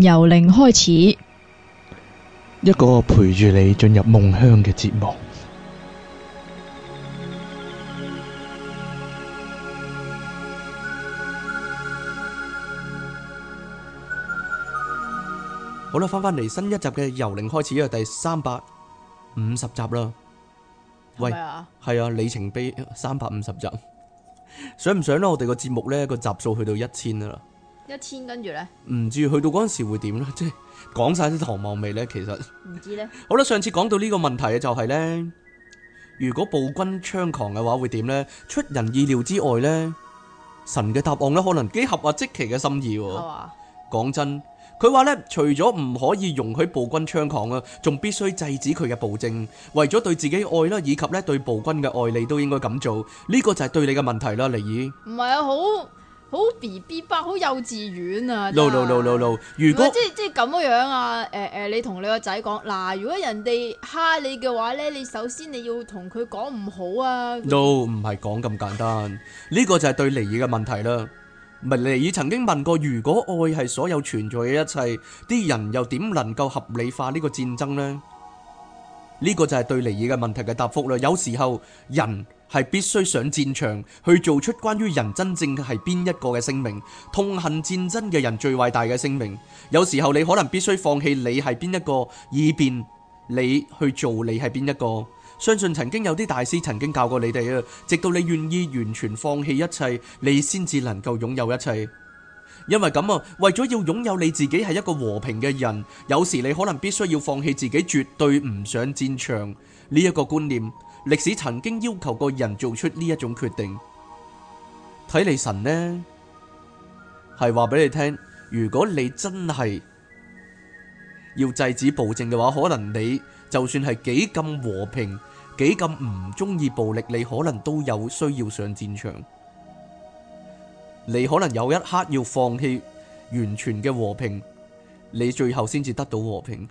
由零開始，一個陪住你進入夢鄉嘅節目。好啦，翻返嚟新一集嘅由零開始，因為第三百五十集啦。喂，係啊，里程碑三百五十集，想唔想啦？我哋個節目呢個集數去到一千啦。一千，1, 跟住呢，唔知去到嗰陣時會點咧？即係講晒啲唐望味呢，其實唔知呢。好啦，上次講到呢個問題嘅就係、是、呢：如果暴君猖狂嘅話會點呢？出人意料之外呢，神嘅答案呢，可能幾合阿積奇嘅心意。講、啊、真，佢話呢，除咗唔可以容許暴君猖狂啊，仲必須制止佢嘅暴政。為咗對自己愛啦，以及呢對暴君嘅愛你都應該咁做。呢、這個就係對你嘅問題啦，尼爾。唔係啊，好。好 B B 噃，好幼稚園啊！No no no no no。如果即係咁樣樣啊？誒誒，你同你個仔講嗱，如果人哋蝦你嘅話呢，你首先你要同佢講，唔好啊！No，唔係講咁簡單，呢個就係對尼爾嘅問題啦。唔係，尼爾曾經問過，如果愛係所有存在嘅一切，啲人又點能夠合理化呢個戰爭呢？呢個就係對尼爾嘅問題嘅答覆啦。有時候人係必須上戰場，去做出關於人真正係邊一個嘅聲明，痛恨戰爭嘅人最偉大嘅聲明。有時候你可能必須放棄你係邊一個，以便你去做你係邊一個。相信曾經有啲大師曾經教過你哋啊，直到你願意完全放棄一切，你先至能夠擁有一切。因為咁啊，為咗要擁有你自己係一個和平嘅人，有時你可能必須要放棄自己絕對唔上戰場呢一個觀念。歷史曾經要求過人做出呢一種決定，睇嚟神呢係話俾你聽，如果你真係要制止暴政嘅話，可能你就算係幾咁和平，幾咁唔中意暴力，你可能都有需要上戰場，你可能有一刻要放棄完全嘅和平，你最後先至得到和平。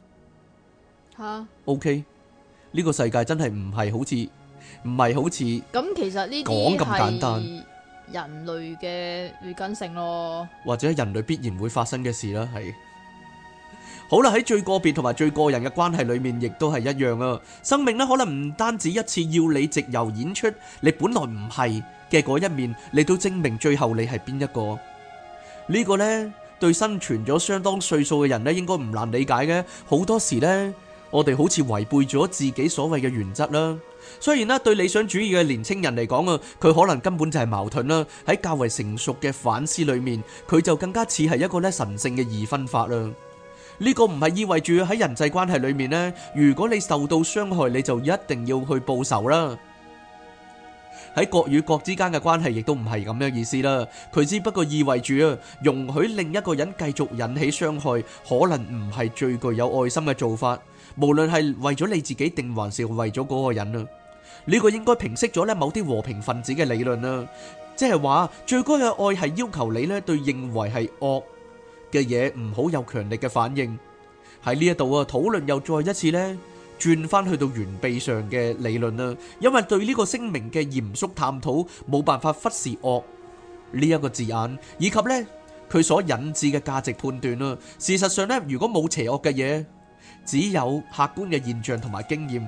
吓？OK。呢個世界真係唔係好似，唔係好似咁，其實呢個，講咁簡單，係人類嘅劣根性咯，或者人類必然會發生嘅事啦。係。好啦，喺最個別同埋最個人嘅關係裏面，亦都係一樣啊。生命咧，可能唔單止一次要你藉由演出你本來唔係嘅嗰一面，你都證明最後你係邊一個。呢個咧，對生存咗相當歲數嘅人咧，應該唔難理解嘅。好多時咧。我哋好似違背咗自己所謂嘅原則啦。雖然咧，對理想主義嘅年青人嚟講啊，佢可能根本就係矛盾啦。喺較為成熟嘅反思裏面，佢就更加似係一個咧神聖嘅二分法啦。呢、呢個唔係意味住喺人際關係裏面咧，如果你受到傷害，你就一定要去報仇啦。喺國與國之間嘅關係亦都唔係咁樣意思啦。佢只不過意味住啊，容許另一個人繼續引起傷害，可能唔係最具有愛心嘅做法。無論係為咗你自己定還是為咗嗰個人啊，呢個應該平息咗咧某啲和平分子嘅理論啦。即係話最高嘅愛係要求你咧對認為係惡嘅嘢，唔好有強烈嘅反應。喺呢一度啊，討論又再一次咧。轉翻去到原備上嘅理論啦，因為對呢個聲明嘅嚴肅探討，冇辦法忽視惡呢一個字眼，以及呢佢所引致嘅價值判斷啦。事實上呢，如果冇邪惡嘅嘢，只有客觀嘅現象同埋經驗。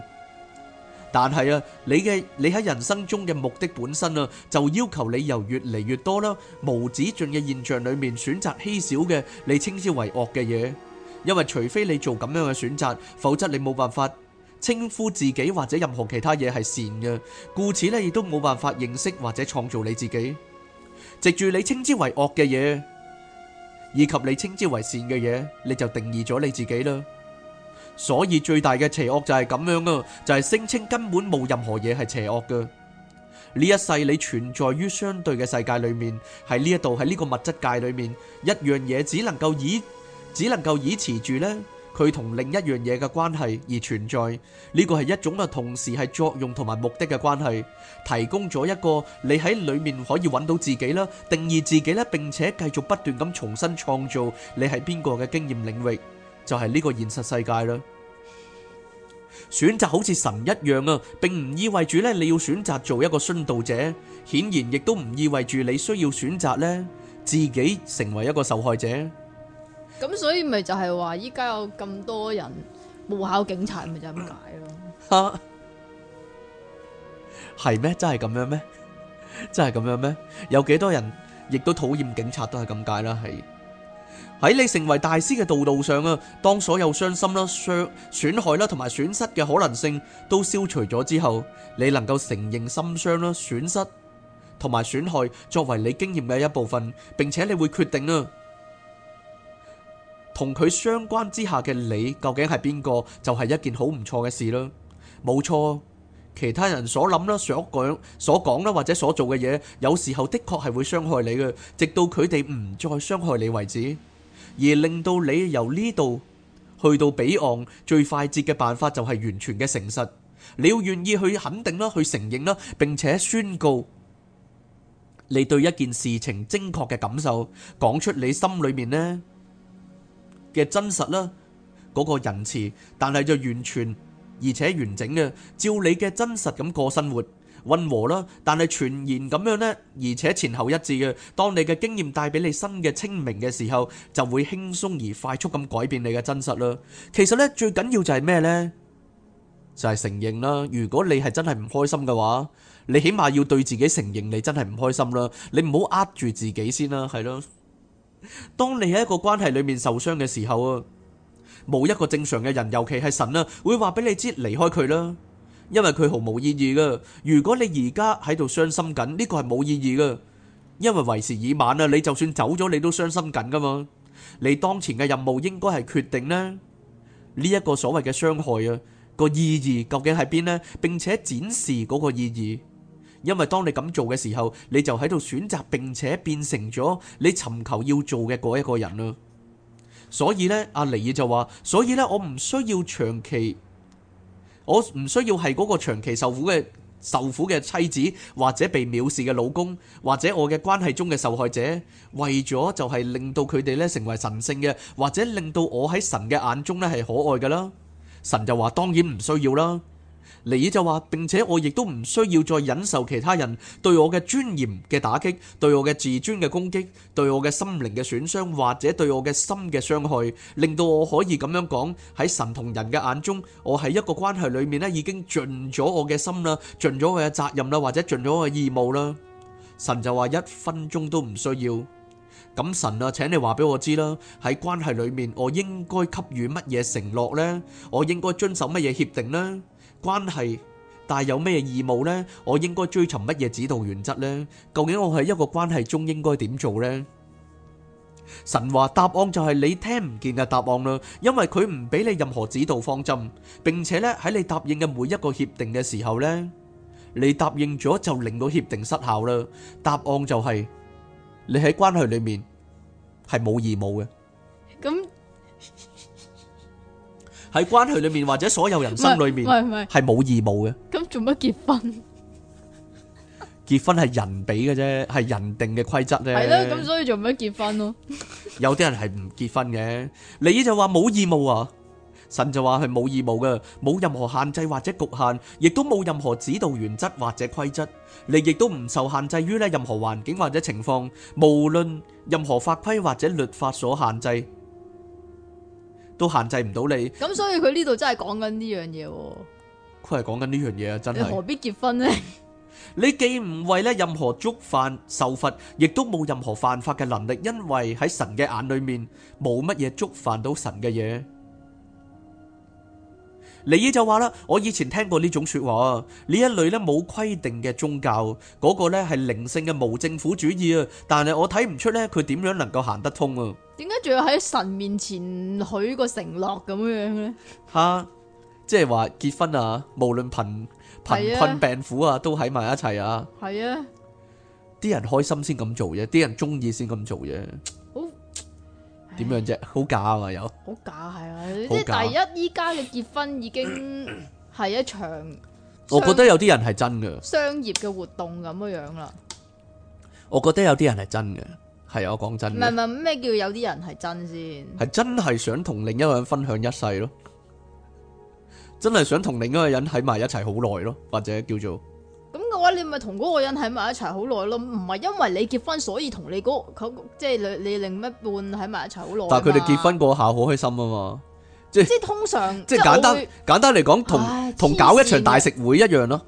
但係啊，你嘅你喺人生中嘅目的本身啊，就要求你由越嚟越多啦，無止盡嘅現象裏面選擇稀少嘅，你稱之為惡嘅嘢。因為除非你做咁樣嘅選擇，否則你冇辦法稱呼自己或者任何其他嘢係善嘅，故此咧亦都冇辦法認識或者創造你自己。藉住你稱之為惡嘅嘢，以及你稱之為善嘅嘢，你就定義咗你自己啦。所以最大嘅邪惡就係咁樣啊，就係、是、聲稱根本冇任何嘢係邪惡嘅。呢一世你存在於相對嘅世界裏面，喺呢一度喺呢個物質界裏面，一樣嘢只能夠以。只能夠以持住咧，佢同另一樣嘢嘅關係而存在。呢個係一種嘅，同時係作用同埋目的嘅關係，提供咗一個你喺裏面可以揾到自己啦，定義自己咧，並且繼續不斷咁重新創造你係邊個嘅經驗領域，就係呢個現實世界啦。選擇好似神一樣啊，並唔意味住咧你要選擇做一個殉道者，顯然亦都唔意味住你需要選擇咧自己成為一個受害者。咁所以咪就係話依家有咁多人冇考警察咪就咁解咯。吓，係咩？真係咁樣咩？真係咁樣咩？有幾多人亦都討厭警察都係咁解啦。係喺你成為大師嘅道路上啊，當所有傷心啦、傷損害啦同埋損失嘅可能性都消除咗之後，你能夠承認心傷啦、損失同埋損害作為你經驗嘅一部分，並且你會決定啊。同佢相關之下嘅你究竟係邊個，就係、是、一件好唔錯嘅事啦。冇錯，其他人所諗啦、所講、所講啦或者所做嘅嘢，有時候的確係會傷害你嘅，直到佢哋唔再傷害你為止，而令到你由呢度去到彼岸最快捷嘅辦法就係完全嘅誠實。你要願意去肯定啦、去承認啦，並且宣告你對一件事情精確嘅感受，講出你心裏面呢，嘅真實啦，嗰、那個仁慈，但係就完全而且完整嘅，照你嘅真實咁過生活，溫和啦，但係全然咁樣呢，而且前後一致嘅。當你嘅經驗帶俾你新嘅清明嘅時候，就會輕鬆而快速咁改變你嘅真實啦。其實呢，最緊要就係咩呢？就係、是、承認啦。如果你係真係唔開心嘅話，你起碼要對自己承認你真係唔開心啦。你唔好呃住自己先啦，係咯。當你喺一個關係裏面受傷嘅時候啊，冇一個正常嘅人，尤其係神啦，會話俾你知離開佢啦，因為佢毫無意義噶。如果你而家喺度傷心緊，呢個係冇意義噶，因為為時已晚啦。你就算走咗，你都傷心緊噶嘛。你當前嘅任務應該係決定呢呢一個所謂嘅傷害啊個意義究竟喺邊呢，並且展示嗰個意義。因為當你咁做嘅時候，你就喺度選擇並且變成咗你尋求要做嘅嗰一個人啦。所以呢，阿尼爾就話：，所以呢，我唔需要長期，我唔需要係嗰個長期受苦嘅受苦嘅妻子，或者被藐視嘅老公，或者我嘅關係中嘅受害者，為咗就係令到佢哋呢成為神聖嘅，或者令到我喺神嘅眼中呢係可愛㗎啦。神就話：當然唔需要啦。尼爾就話，並且我亦都唔需要再忍受其他人，對我嘅尊嚴嘅打擊，對我嘅自尊嘅攻擊，對我嘅心靈嘅損傷，或者對我嘅心嘅傷害，令到我可以咁樣講，喺神同人嘅眼中，我喺一個關係裏面呢已經盡咗我嘅心啦，盡咗我嘅責任啦，或者盡咗我嘅義務啦。神就話，一分鐘都唔需要。咁神啊，請你話俾我知啦，喺關係裏面，我應該給予乜嘢承諾呢？我應該遵守乜嘢協定呢？關係，但係有咩義務呢？我應該追尋乜嘢指導原則呢？究竟我喺一個關係中應該點做呢？神話，答案就係你聽唔見嘅答案啦，因為佢唔俾你任何指導方針，並且咧喺你答應嘅每一個協定嘅時候呢，你答應咗就令到協定失效啦。答案就係你喺關係裏面係冇義務嘅。咁。喺關係裏面或者所有人生裏面，係冇義務嘅。咁做乜結婚？結婚係人俾嘅啫，係人定嘅規則咧。係咯，咁所以做乜結婚咯？有啲人係唔結婚嘅，你就話冇義務啊。神就話係冇義務嘅，冇任何限制或者局限，亦都冇任何指導原則或者規則。你亦都唔受限制於咧任何環境或者情況，無論任何法規或者律法所限制。都限制唔到你咁，所以佢呢度真係講緊呢樣嘢。佢係講緊呢樣嘢啊，真係你何必結婚呢？你既唔為咧任何觸犯受罰，亦都冇任何犯法嘅能力，因為喺神嘅眼裏面冇乜嘢觸犯到神嘅嘢。李姨就話啦，我以前聽過呢種說話啊，呢一類咧冇規定嘅宗教，嗰個咧係靈性嘅無政府主義啊。但係我睇唔出咧，佢點樣能夠行得通啊？點解仲要喺神面前許個承諾咁樣咧？吓、啊，即係話結婚啊，無論貧貧困病苦啊，都喺埋一齊啊。係啊，啲人開心先咁做嘢，啲人中意先咁做嘢。點樣啫？好假啊嘛，有好假係啊！即係第一依家嘅結婚已經係一場，我覺得有啲人係真嘅，商業嘅活動咁樣樣啦。我覺得有啲人係真嘅，係啊，我講真嘅，唔係唔係咩叫有啲人係真先？係真係想同另一個人分享一世咯，真係想同另一個人喺埋一齊好耐咯，或者叫做。你咪同嗰個人喺埋一齊好耐咯，唔係因為你結婚所以同你嗰、嗰個、即係你另一半喺埋一齊好耐。但係佢哋結婚過下好開心啊嘛，即係即係通常即係簡單簡單嚟講，同唉同搞一場大食會一樣咯，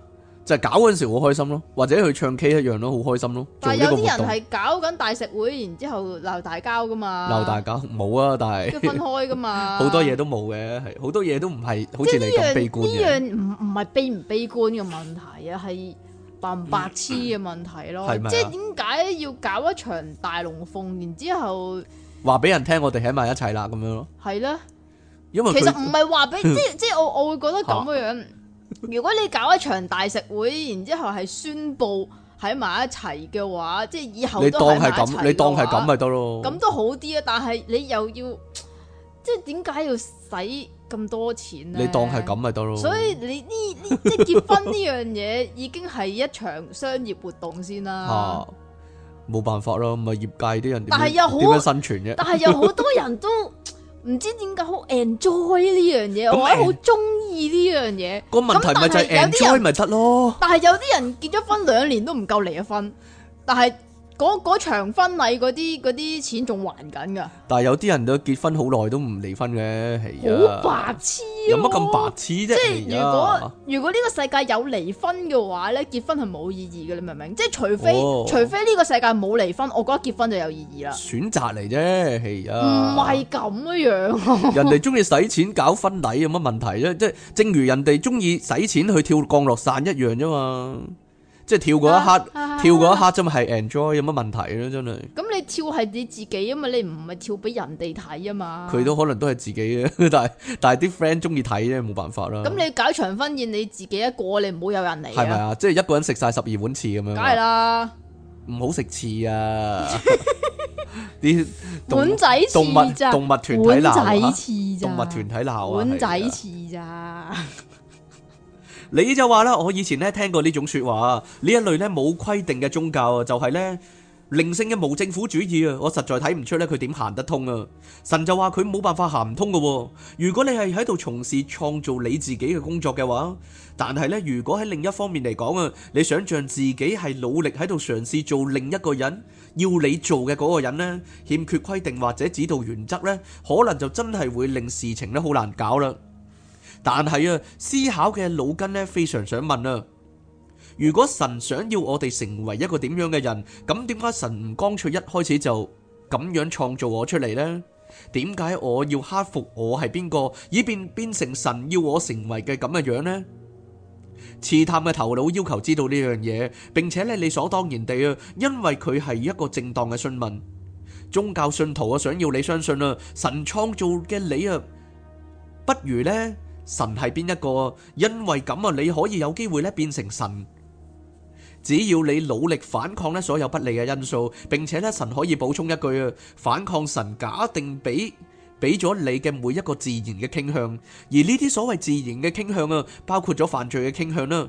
就係搞嗰陣時好開心咯，或者去唱 K 一樣咯，好開心咯。但係有啲人係搞緊大食會，然之後鬧大交噶嘛？鬧大交冇啊，但係要分開噶嘛？ 多多好多嘢都冇嘅，係好多嘢都唔係好似你咁悲觀。呢樣唔唔係悲唔悲觀嘅問題啊，係白唔白痴嘅問題咯，嗯、是是即係點解要搞一場大龍鳳？然之後話俾人聽，我哋喺埋一齊啦，咁樣咯。係啦，因為其實唔係話俾，即即我我會覺得咁嘅樣。啊、如果你搞一場大食會，然之後係宣布喺埋一齊嘅話，即係以後你當係咁，你當係咁咪得咯。咁都好啲啊，但係你又要即係點解要使？咁多錢，你當係咁咪得咯。所以你呢呢即係結婚呢樣嘢，已經係一場商業活動先啦、 啊。吓，冇辦法咯，咪業界啲人點？但係又點樣生存啫？但係有好多人都唔知點解好 enjoy 呢樣嘢， 或者好中意呢樣嘢。個問題咪就係 enjoy 咪得咯？但係有啲人，人結咗婚兩年都唔夠離咗婚，但係。嗰場婚禮嗰啲啲錢仲還緊噶，但係有啲人都結婚好耐都唔離婚嘅，係啊，好白痴啊，有乜咁白痴啫？即係如果如果呢個世界有離婚嘅話咧，結婚係冇意義嘅，你明唔明？即係除非、哦、除非呢個世界冇離婚，我覺得結婚就有意義啦。選擇嚟啫，係啊，唔係咁嘅樣。 人哋中意使錢搞婚禮有乜問題啫？即係正如人哋中意使錢去跳降落傘一樣啫嘛。即係跳嗰一刻，跳嗰一刻真係 enjoy 有乜問題咧？真係。咁你跳係你自己啊嘛，你唔係跳俾人哋睇啊嘛。佢都可能都係自己嘅，但係但係啲 friend 中意睇啫，冇辦法啦。咁你搞場婚宴你自己一個，你唔好有人嚟啊？係咪啊？即係一個人食晒十二碗翅咁樣。梗係啦，唔好食翅啊！啲碗仔翅就，碗仔翅就，動物團體鬧啊，碗仔翅咋？你就話啦，我以前咧聽過呢種説話啊，呢一類咧冇規定嘅宗教啊，就係咧靈性嘅無政府主義啊，我實在睇唔出咧佢點行得通啊。神就話佢冇辦法行唔通嘅喎。如果你係喺度從事創造你自己嘅工作嘅話，但係咧，如果喺另一方面嚟講啊，你想象自己係努力喺度嘗試做另一個人，要你做嘅嗰個人咧，欠缺規定或者指導原則咧，可能就真係會令事情咧好難搞啦。但係啊，思考嘅腦筋呢，非常想問啊：如果神想要我哋成為一個點樣嘅人，咁點解神唔乾脆一開始就咁樣創造我出嚟呢？點解我要克服我係邊個，以便變成神要我成為嘅咁嘅樣呢？刺探嘅頭腦要求知道呢樣嘢，並且咧理所當然地啊，因為佢係一個正當嘅詢問。宗教信徒啊，想要你相信啊，神創造嘅你啊，不如呢。神係邊一個？因為咁啊，你可以有機會咧變成神，只要你努力反抗咧所有不利嘅因素，並且咧神可以補充一句啊，反抗神假定俾俾咗你嘅每一個自然嘅傾向，而呢啲所謂自然嘅傾向啊，包括咗犯罪嘅傾向啦。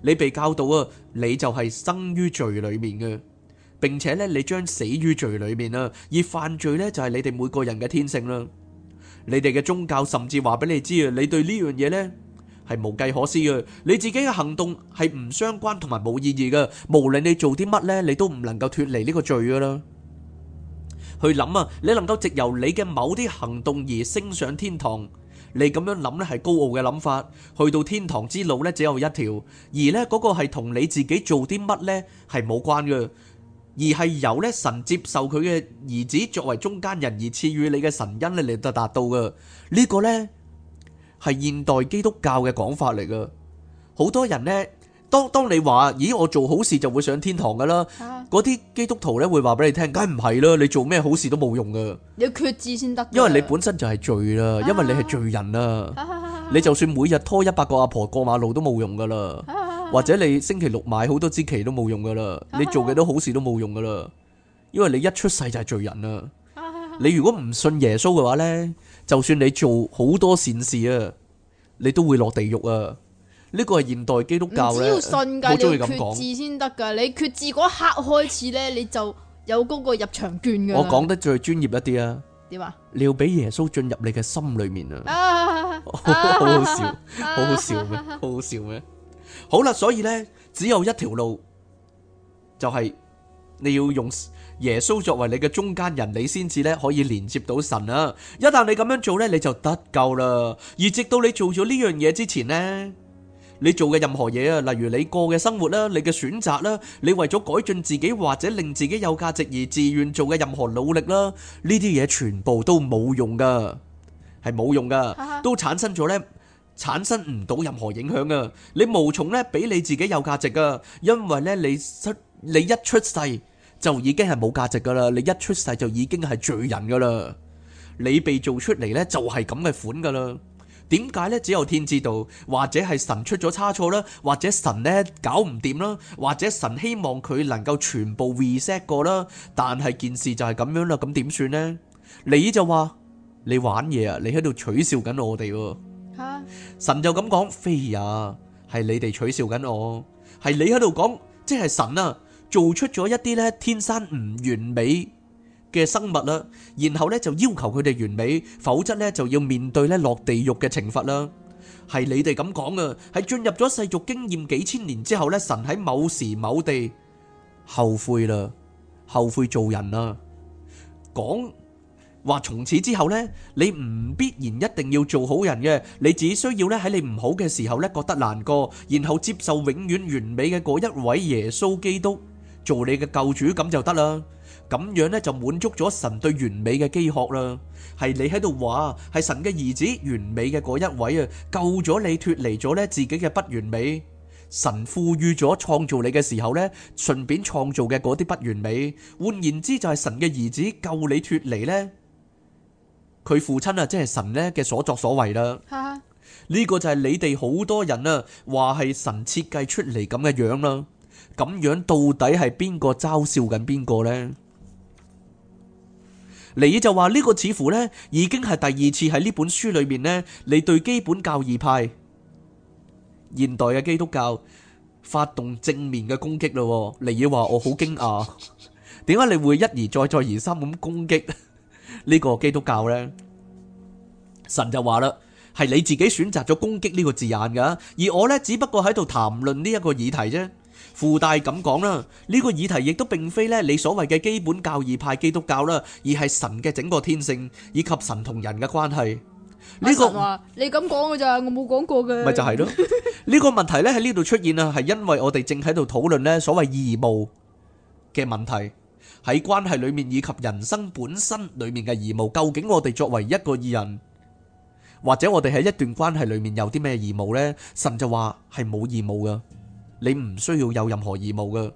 你被教導啊，你就係生於罪裏面嘅，並且咧你將死於罪裏面啊。而犯罪咧就係你哋每個人嘅天性啦。你哋嘅宗教甚至話俾你知啊，你對呢樣嘢咧係無計可施嘅，你自己嘅行動係唔相關同埋冇意義噶，無論你做啲乜咧，你都唔能夠脱離呢個罪噶啦。去諗啊，你能夠藉由你嘅某啲行動而升上天堂，你咁樣諗咧係高傲嘅諗法，去到天堂之路咧只有一條，而咧嗰個係同你自己做啲乜咧係冇關噶。而係由咧神接受佢嘅兒子作為中間人而賜予你嘅神恩咧嚟到達到嘅，呢個咧係現代基督教嘅講法嚟噶。好多人咧，當當你話，咦，我做好事就會上天堂噶啦，嗰啲基督徒咧會話俾你聽，梗係唔係啦，你做咩好事都冇用噶，你要決志先得，因為你本身就係罪啦，因為你係罪人啦，你就算每日拖一百個阿婆過馬路都冇用噶啦。或者你星期六買好多支旗都冇用噶啦，你做嘅都好事都冇用噶啦，因為你一出世就係罪人啦。你如果唔信耶穌嘅話呢，就算你做好多善事啊，你都會落地獄啊。呢、這個係現代基督教咧，好中意咁講。先得噶，你決志嗰刻開始呢，你就有嗰個入場券噶。我講得最專業一啲啊。點啊樣？你要俾耶穌進入你嘅心裏面啊！好 好笑，好好笑咩？好好笑咩？ 好啦，所以呢，只有一條路，就係你要用耶穌作為你嘅中間人，你先至咧可以連接到神啊！一旦你咁樣做呢，你就得救啦。而直到你做咗呢樣嘢之前呢，你做嘅任何嘢啊，例如你過嘅生活啦，你嘅選擇啦，你為咗改進自己或者令自己有價值而自願做嘅任何努力啦，呢啲嘢全部都冇用噶，係冇用噶，都產生咗呢。產生唔到任何影響啊！你無從呢俾你自己有價值噶，因為呢你出你一出世就已經係冇價值噶啦，你一出世就已經係罪人噶啦，你被做出嚟呢就係咁嘅款噶啦。點解呢？只有天知道，或者係神出咗差錯啦，或者神呢搞唔掂啦，或者神希望佢能夠全部 reset 過啦。但係件事就係咁樣啦，咁點算呢？你就話你玩嘢啊，你喺度取笑緊我哋。神就咁講，非也，係你哋取笑緊我，係你喺度講，即係神啊，做出咗一啲咧天生唔完美嘅生物啦，然後咧就要求佢哋完美，否則咧就要面對咧落地獄嘅懲罰啦，係你哋咁講噶，係進入咗世俗經驗幾千年之後咧，神喺某時某地後悔啦，後悔做人啦，講。話，從此之後呢，你唔必然一定要做好人嘅，你只需要呢，喺你唔好嘅時候呢，覺得難過，然後接受永遠完美嘅果一位耶穌基督，做你嘅救主咁就得啦。咁樣呢，就滿足咗神對完美嘅飢渴啦，係你喺度話，係神嘅兒子完美嘅果一位，救咗你脫離咗呢，自己嘅不完美，神賦予咗創造你嘅時候呢，順便創造嘅果啲不完美，換言之就係神嘅兒子救你脫離呢，佢父親啊，即係神咧嘅所作所為啦。呢個就係你哋好多人啊，話係神設計出嚟咁嘅樣啦。咁樣到底係邊個嘲笑緊邊個呢？尼爾就話呢個似乎咧，已經係第二次喺呢本書裏面咧，你對基本教義派現代嘅基督教發動正面嘅攻擊咯。尼爾話我好驚訝，點解你會一而再再而三咁攻擊呢個基督教呢？神就話啦，係你自己選擇咗攻擊呢個字眼噶，而我呢只不過喺度談論呢一個議題啫。附帶咁講啦，呢個議題亦都並非呢你所謂嘅基本教義派基督教啦，而係神嘅整個天性以及神同人嘅關係呢個。你咁講嘅咋？我冇講過嘅。咪就係咯，呢個問題呢喺呢度出現啊，係因為我哋正喺度討論呢所謂義務嘅問題，喺關係裏面以及人生本身裏面嘅義務，究竟我哋作為一個義人。或者我哋喺一段關係裏面有啲咩義務呢？神就話係冇義務噶，你唔需要有任何義務噶。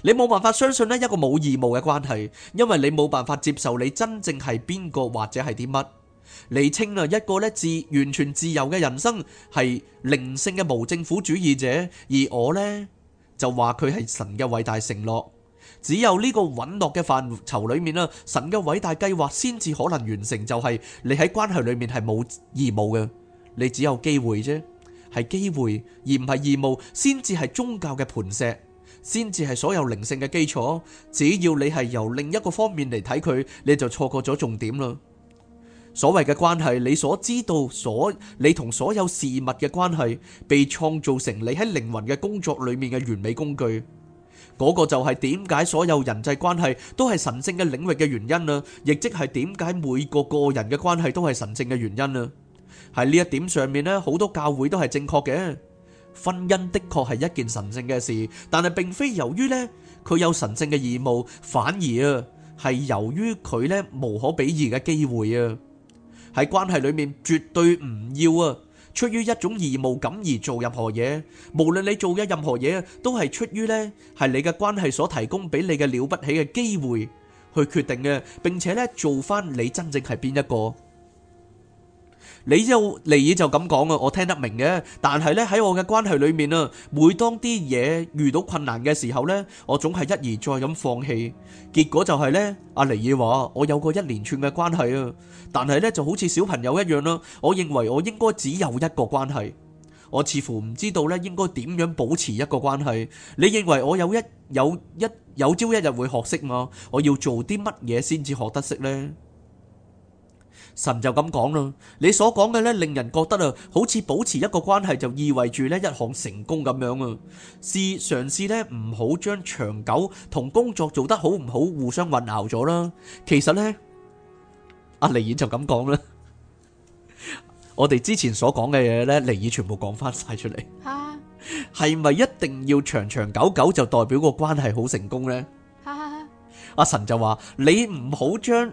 你冇辦法相信呢一個冇義務嘅關係，因為你冇辦法接受你真正係邊個或者係啲乜。你稱啊一個咧，自完全自由嘅人生係靈性嘅無政府主義者，而我呢，就話佢係神嘅偉大承諾。只有呢個允諾嘅範疇裏面啦，神嘅偉大計劃先至可能完成，就係你喺關係裏面係冇義務嘅，你只有機會啫，係機會而唔係義務，先至係宗教嘅磐石，先至係所有靈性嘅基礎。只要你係由另一個方面嚟睇佢，你就錯過咗重點啦。所謂嘅關係，你所知道所你同所有事物嘅關係，被創造成你喺靈魂嘅工作裏面嘅完美工具。嗰個就係點解所有人際關係都係神聖嘅領域嘅原因啊，亦即係點解每個個人嘅關係都係神聖嘅原因啊。喺呢一點上面呢，好多教會都係正確嘅。婚姻的確係一件神聖嘅事，但係並非由於呢佢有神聖嘅義務，反而啊係由於佢呢無可比擬嘅機會啊。喺關係裏面絕對唔要啊。出於一種義務感而做任何嘢，無論你做嘅任何嘢，都係出於呢，係你嘅關係所提供俾你嘅了不起嘅機會去決定嘅，並且呢，做翻你真正係邊一個。你就尼爾就咁講啊，我聽得明嘅。但係呢，喺我嘅關係裏面啊，每當啲嘢，遇到困難嘅時候呢，我總係一而再咁放棄。結果就係呢，阿尼爾話我有過一連串嘅關係啊，但係呢就好似小朋友一樣啦。我認為我應該只有一個關係，我似乎唔知道呢應該點樣保持一個關係。你認為我有一有一有朝一日會學識嘛？我要做啲乜嘢先至學得識呢？神就咁講啦，你所講嘅呢，令人覺得啊，好似保持一個關係就意味住呢一項成功咁樣啊。試嘗試呢，唔好將長久同工作做得好唔好互相混淆咗啦。其實呢，阿尼爾就咁講啦。我哋之前所講嘅嘢呢，尼爾全部講翻晒出嚟。係咪一定要長長久久就代表個關係好成功呢？阿神就話你唔好將。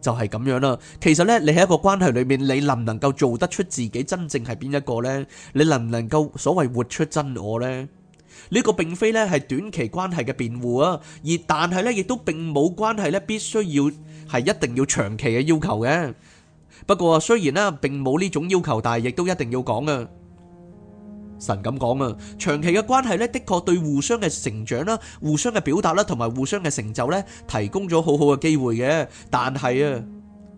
就係咁樣啦，其實咧，你喺一個關係裏面，你能唔能夠做得出自己真正係邊一個咧？你能唔能夠所謂活出真我咧？呢個並非咧係短期關係嘅辯護啊，而但係咧亦都並冇關係咧，必須要係一定要長期嘅要求嘅。不過雖然咧並冇呢種要求，但係亦都一定要講啊。神咁講啊，長期嘅關係呢，的確對互相嘅成長啦、互相嘅表達啦，同埋互相嘅成就呢，提供咗好好嘅機會嘅。但係啊，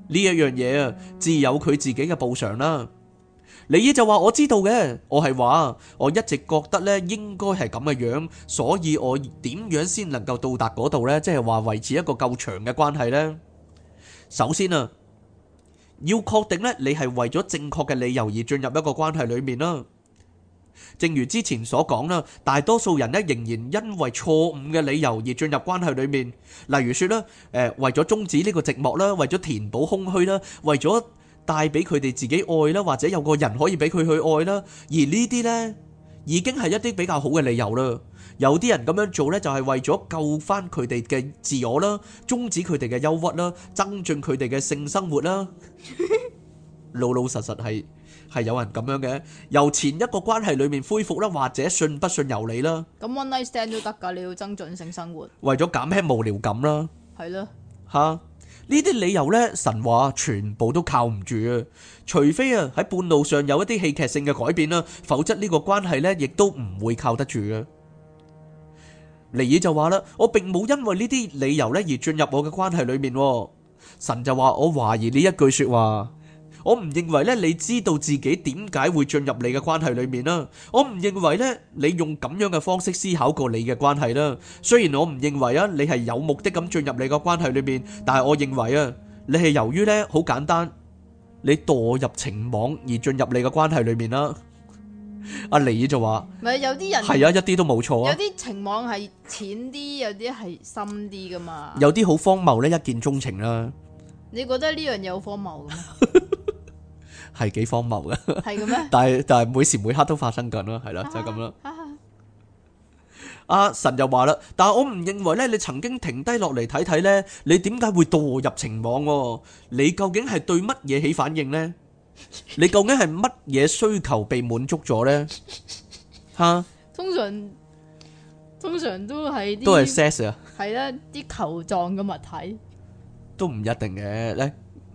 呢一樣嘢啊，自有佢自己嘅報償啦。你就話我知道嘅，我係話我一直覺得呢，應該係咁嘅樣，所以我點樣先能夠到達嗰度呢？即係話維持一個夠長嘅關係呢？首先啊，要確定呢，你係為咗正確嘅理由而進入一個關係裏面啦。正如之前所講啦，大多數人咧仍然因為錯誤嘅理由而進入關係裏面，例如說啦，誒為咗終止呢個寂寞啦，為咗填補空虛啦，為咗帶俾佢哋自己愛啦，或者有個人可以俾佢去愛啦，而呢啲咧已經係一啲比較好嘅理由啦。有啲人咁樣做咧，就係為咗救翻佢哋嘅自我啦，終止佢哋嘅憂鬱啦，增進佢哋嘅性生活啦，老老實實係。係有人咁樣嘅，由前一個關係裏面恢復啦，或者信不信由你啦。咁 one night stand 都得噶，你要增進性生活。為咗減輕無聊感啦，係啦。吓呢啲理由呢，神話全部都靠唔住啊！除非啊喺半路上有一啲戲劇性嘅改變啦，否則呢個關係呢亦都唔會靠得住啊。尼爾就話啦，我並冇因為呢啲理由呢而進入我嘅關係裏面。神就話，我懷疑呢一句說話。我唔認為咧，你知道自己點解會進入你嘅關係裏面啦。我唔認為咧，你用咁樣嘅方式思考過你嘅關係啦。雖然我唔認為啊，你係有目的咁進入你嘅關係裏面，但係我認為啊，你係由於咧好簡單，你墮入情網而進入你嘅關係裏面啦。阿李就話：咪有啲人係啊，一啲都冇錯啊。有啲情網係淺啲，有啲係深啲噶嘛。有啲好荒謬咧，一見鐘情啦。你覺得呢樣嘢好荒謬？係幾荒謬嘅，係咁咩？但係但係每時每刻都發生緊咯。係啦，就係咁啦。阿神又話啦，但係我唔認為咧，你曾經停低落嚟，睇睇咧，你點解會墮入情網？你究竟係對乜嘢起反應咧？你究竟係乜嘢需求被滿足咗咧？吓，通常通常都係都係 sex 啊，係啦，啲球狀嘅物體都唔一定嘅咧，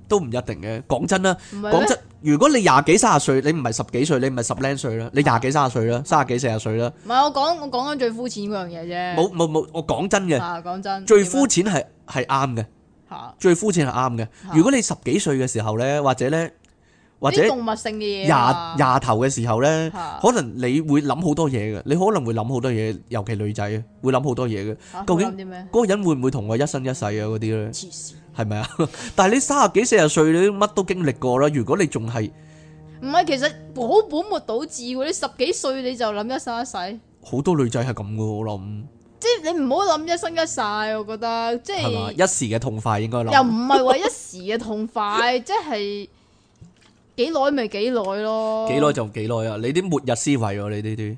都唔一定嘅。講真啦，唔係講真。如果你廿幾三十歲，你唔係十幾歲，你唔係十零歲啦，你廿幾三十歲啦，三十幾四十歲啦。唔係我講，我講緊最膚淺嗰樣嘢啫。冇冇冇，我講真嘅。講真。最膚淺係係啱嘅。嚇。最膚淺係啱嘅。如果你十幾歲嘅時候咧，或者咧，或者動物性嘅嘢，廿廿頭嘅時候咧，可能你會諗好多嘢嘅，你可能會諗好多嘢，尤其女仔啊，會諗好多嘢嘅。究竟嗰個人會唔會同我一生一世啊？嗰啲咧。係咪啊？但係你三十幾四十歲，你乜都經歷過啦。如果你仲係，唔係其實好本末倒置喎。你十幾歲你就諗一生一世，好多女仔係咁嘅，我諗，即係你唔好諗一生一世，我覺得即係，係咪？一時嘅痛快應該諗。又唔係話一時嘅痛快， 即係幾耐咪幾耐咯？幾耐就幾耐啊！你啲末日思維哦，你呢啲。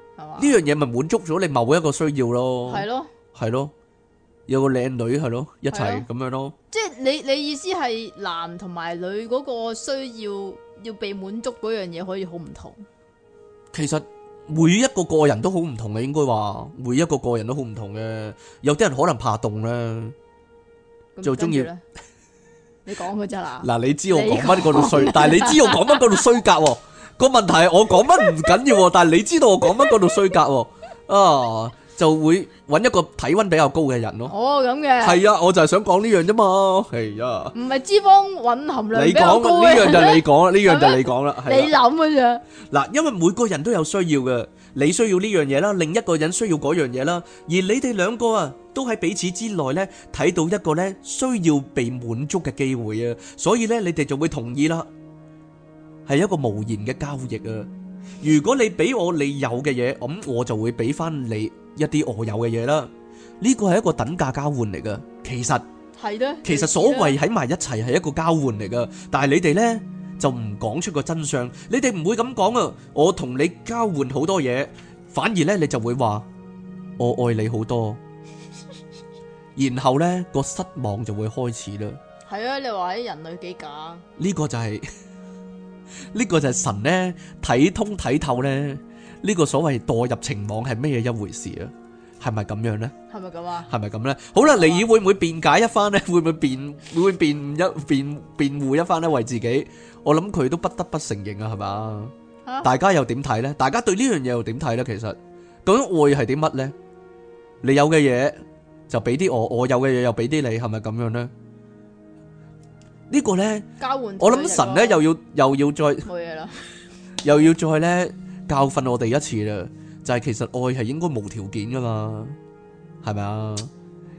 呢樣嘢咪滿足咗你某一個需要咯？係咯，係咯，有個靚女係咯，一齊咁樣咯。即係你你意思係男同埋女嗰個需要要被滿足嗰樣嘢可以好唔同。其實每一個個人都好唔同嘅，應該話每一個個人都好唔同嘅。有啲人可能怕凍咧，就中意。你講佢啫啦，嗱你知我講乜嗰度衰，但係你知我講乜嗰度衰格喎。個問題我講乜唔緊要、啊， 但係你知道我講乜嗰度衰格喎、啊，啊就會揾一個體溫比較高嘅人咯、啊。哦，咁嘅係啊，我就係想講呢樣啫嘛，係啊，唔係脂肪蘊含量比較高啊。呢樣就你講啦，呢樣就你講啦，你諗嘅啫。嗱，因為每個人都有需要嘅，你需要呢樣嘢啦，另一個人需要嗰樣嘢啦，而你哋兩個啊都喺彼此之內呢，睇到一個呢需要被滿足嘅機會啊，所以呢，你哋就會同意啦。係一個無言嘅交易啊！如果你俾我你有嘅嘢，咁我就會俾翻你一啲我有嘅嘢啦。呢個係一個等價交換嚟噶。其實係咧，其實所謂喺埋一齊係一個交換嚟噶。但係你哋咧就唔講出個真相，你哋唔會咁講啊！我同你交換好多嘢，反而咧你就會話我愛你好多，然後咧個失望就會開始啦。係啊！你話喺人類幾假？呢個就係。呢個就係神咧睇通睇透咧，呢個所謂墮入情網係咩嘢一回事啊？係咪咁樣咧？係咪咁啊？係咪咁咧？好啦，尼爾會唔會辯解一番咧？會唔會辯？會唔會辯一辯辯護一番咧？為自己，我諗佢都不得不承認啊，係嘛？大家又點睇咧？大家對呢樣嘢又點睇咧？其實究竟愛係點乜咧？你有嘅嘢就俾啲我，我有嘅嘢又俾啲你，係咪咁樣咧？個呢個咧，交我諗神咧果又要又要再冇嘢啦，事又要再咧教訓我哋一次啦，就係、是、其實愛係應該無條件噶嘛，係咪啊？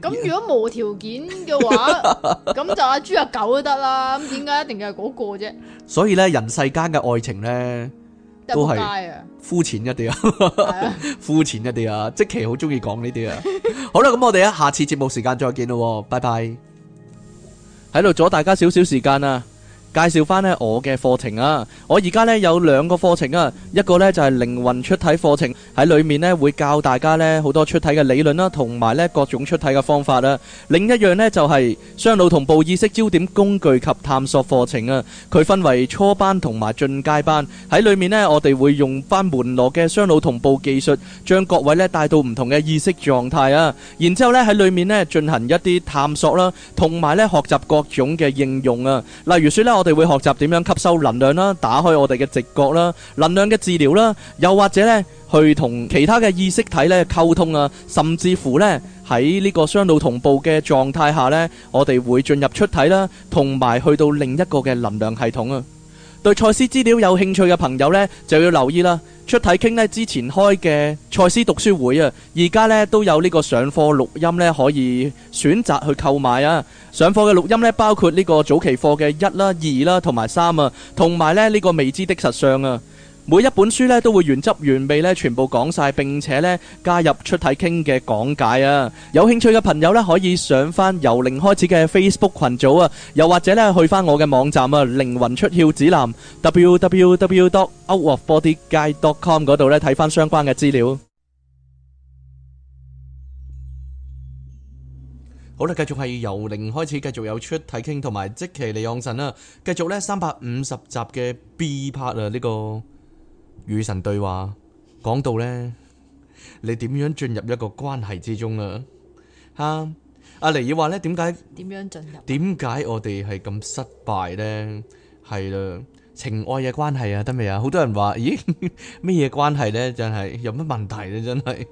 咁如果無條件嘅話，咁 就阿豬阿狗都得啦、啊。咁點解一定要係嗰個啫？所以咧，人世間嘅愛情咧都係膚淺一啲啊，膚淺 一啲啊，即其 好中意講呢啲啊。好啦，咁我哋啊，下次節目時間再見咯，拜拜。喺度阻大家少少時間啊！介紹翻呢我嘅課程啊！我而家呢有兩個課程啊，一個呢就係靈魂出體課程，喺裏面呢會教大家呢好多出體嘅理論啦，同埋呢各種出體嘅方法啊。另一樣呢就係雙腦同步意識焦點工具及探索課程啊。佢分為初班同埋進階班，喺裏面呢我哋會用翻門羅嘅雙腦同步技術，將各位呢帶到唔同嘅意識狀態啊。然之後呢喺裏面呢進行一啲探索啦，同埋呢學習各種嘅應用啊。例如説呢我，我哋會學習點樣吸收能量啦，打開我哋嘅直覺啦，能量嘅治療啦，又或者呢去同其他嘅意識體呢溝通啊，甚至乎呢喺呢個雙腦同步嘅狀態下呢，我哋會進入出體啦，同埋去到另一個嘅能量系統啊。對賽斯資料有興趣嘅朋友呢，就要留意啦。出體傾呢之前開嘅賽斯讀書會啊，而家呢都有呢個上課錄音呢，可以選擇去購買啊。上課嘅錄音咧，包括呢個早期課嘅一啦、二啦同埋三啊，同埋咧呢個未知的實相啊。每一本書咧都會原汁原味咧全部講晒，並且咧加入出體傾嘅講解啊。有興趣嘅朋友咧可以上翻由零開始嘅 Facebook 群組啊，又或者咧去翻我嘅網站啊靈魂出竅指南 www.outofbodyguide.com 嗰度咧睇翻相關嘅資料。好啦，繼續係由零開始，繼續有出睇傾，同埋即期利用神啦。繼續咧三百五十集嘅 B part 啊，呢個與神對話講到咧，你點樣進入一個關係之中啊？哈、啊，阿尼爾話咧，點解點樣進入？點解我哋係咁失敗咧？係啦。情愛嘅關係啊，得未啊？好多人話，咦，咩嘢關係咧？真係有乜問題咧？真係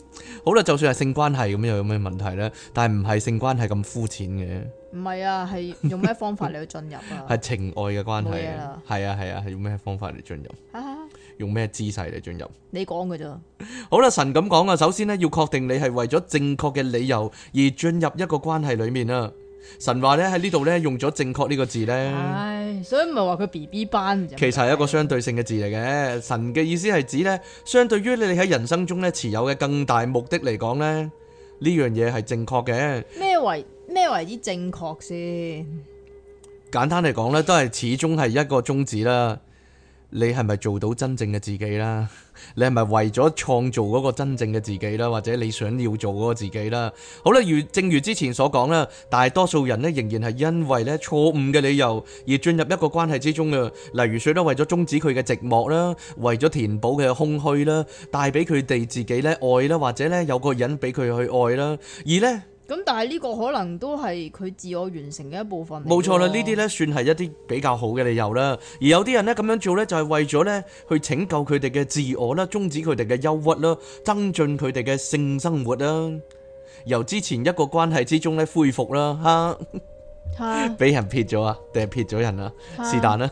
好啦，就算係性關係咁，又有咩問題咧？但係唔係性關係咁膚淺嘅。唔係啊，係用咩方法嚟去進入啊？係 情愛嘅關係。冇嘢啊。係啊係啊係用咩方法嚟進入？哈哈用咩姿勢嚟進入？你講噶咋？好啦，神咁講啊，首先呢，要確定你係為咗正確嘅理由而進入一個關係裏面啊。神話咧，喺呢度咧用咗正確呢個字呢。唉，所以唔係話佢 BB 班，其實係一個相對性嘅字嚟嘅。神嘅意思係指呢，相對於你哋喺人生中咧持有嘅更大目的嚟講呢，呢樣嘢係正確嘅。咩為咩為之正確先？簡單嚟講呢，都係始終係一個宗旨啦。你係咪做到真正嘅自己啦？你係咪為咗創造嗰個真正嘅自己啦，或者你想要做嗰個自己啦？好啦，如正如之前所講啦，大多數人呢，仍然係因為咧錯誤嘅理由而進入一個關係之中嘅，例如說咧為咗終止佢嘅寂寞啦，為咗填補佢嘅空虛啦，帶俾佢哋自己咧愛啦，或者咧有個人俾佢去愛啦，而呢。咁但係呢個可能都係佢自我完成嘅一部分嚟。冇錯啦，呢啲咧算係一啲比較好嘅理由啦。而有啲人呢，咁樣做呢，就係為咗呢，去拯救佢哋嘅自我啦，終止佢哋嘅憂鬱啦，增進佢哋嘅性生活啦，由之前一個關係之中呢，恢復啦。吓、啊，俾 人撇咗啊？定係撇咗人啊？是但啦，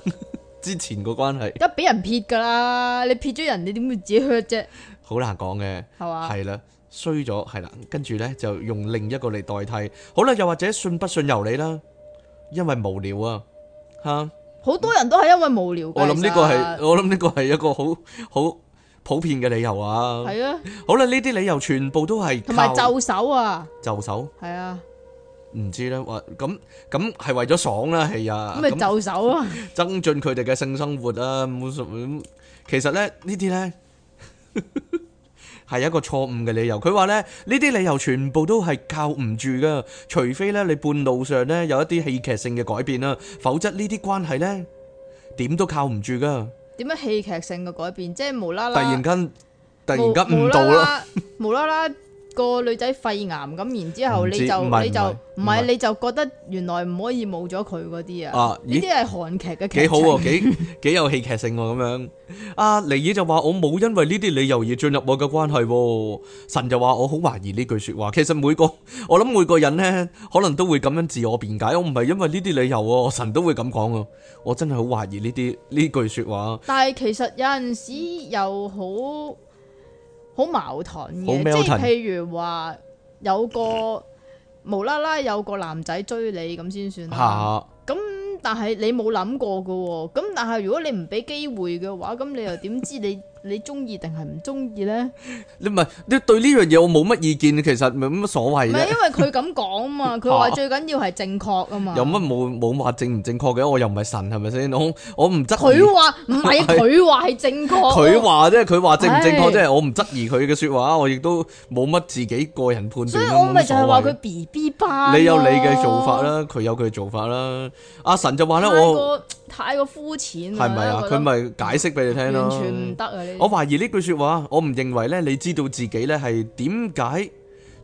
之前個關係。得俾人撇噶啦，你撇咗人，你點會自己 hurt 啫？好難講嘅，係嘛吧？係啦。衰咗係啦，跟住咧就用另一個嚟代替，好啦，又或者信不信由你啦，因為無聊啊吓，好多人都係因為無聊。我諗呢個係我諗呢個係一個好好普遍嘅理由啊。係啊，好啦，呢啲理由全部都係同埋就手啊，就手係啊，唔知咧，話咁咁係為咗爽啦，係啊，咁咪就手啊，增進佢哋嘅性生活啊。其實咧呢啲咧。係一個錯誤嘅理由。佢話咧，呢啲理由全部都係靠唔住噶，除非咧你半路上咧有一啲戲劇性嘅改變啦，否則呢啲關係咧點都靠唔住噶。點解戲劇性嘅改變？即係無啦啦，突然間，突然間誤導啦，無啦啦。個女仔肺癌咁，然之後，後你就你就唔係，你就覺得原來唔可以冇咗佢嗰啲啊？呢啲係韓劇嘅劇情，幾好喎。啊，幾幾有戲劇性咁、啊、樣。阿、啊、尼爾就話我冇因為呢啲理由而進入我嘅關係，啊，神就話我好懷疑呢句說話。其實每個我諗每個人呢，可能都會咁樣自我辯解，我唔係因為呢啲理由啊，我神都會咁講啊，我真係好懷疑呢啲呢句說話。但係其實有陣時又好。好矛盾嘅，即係是譬如話 有個無啦啦有個男仔追你咁先算啦。咁 但係你冇諗過㗎喎。咁但係如果你唔俾機會嘅話，咁你又點知你？ 你中意定係唔中意咧？你唔係，你對呢樣嘢我冇乜意見，其實冇乜所謂。唔係因為佢咁講嘛，佢話 最緊要係正確啊嘛。啊有乜冇冇話正唔正確嘅？我又唔係神，係咪先？我我唔質疑。佢話唔係佢話係正確。佢話啫，佢話正唔正確，即係 我唔質疑佢嘅說話，我亦都冇乜自己個人判斷。所以我咪就係話佢 B B 吧。你有你嘅做法啦，佢有佢嘅做法啦。阿神就話咧，我太過我太過膚淺。係咪啊？佢咪解釋俾你聽咯。完全唔得啊！我懷疑呢句說話，我唔認為咧，你知道自己咧係點解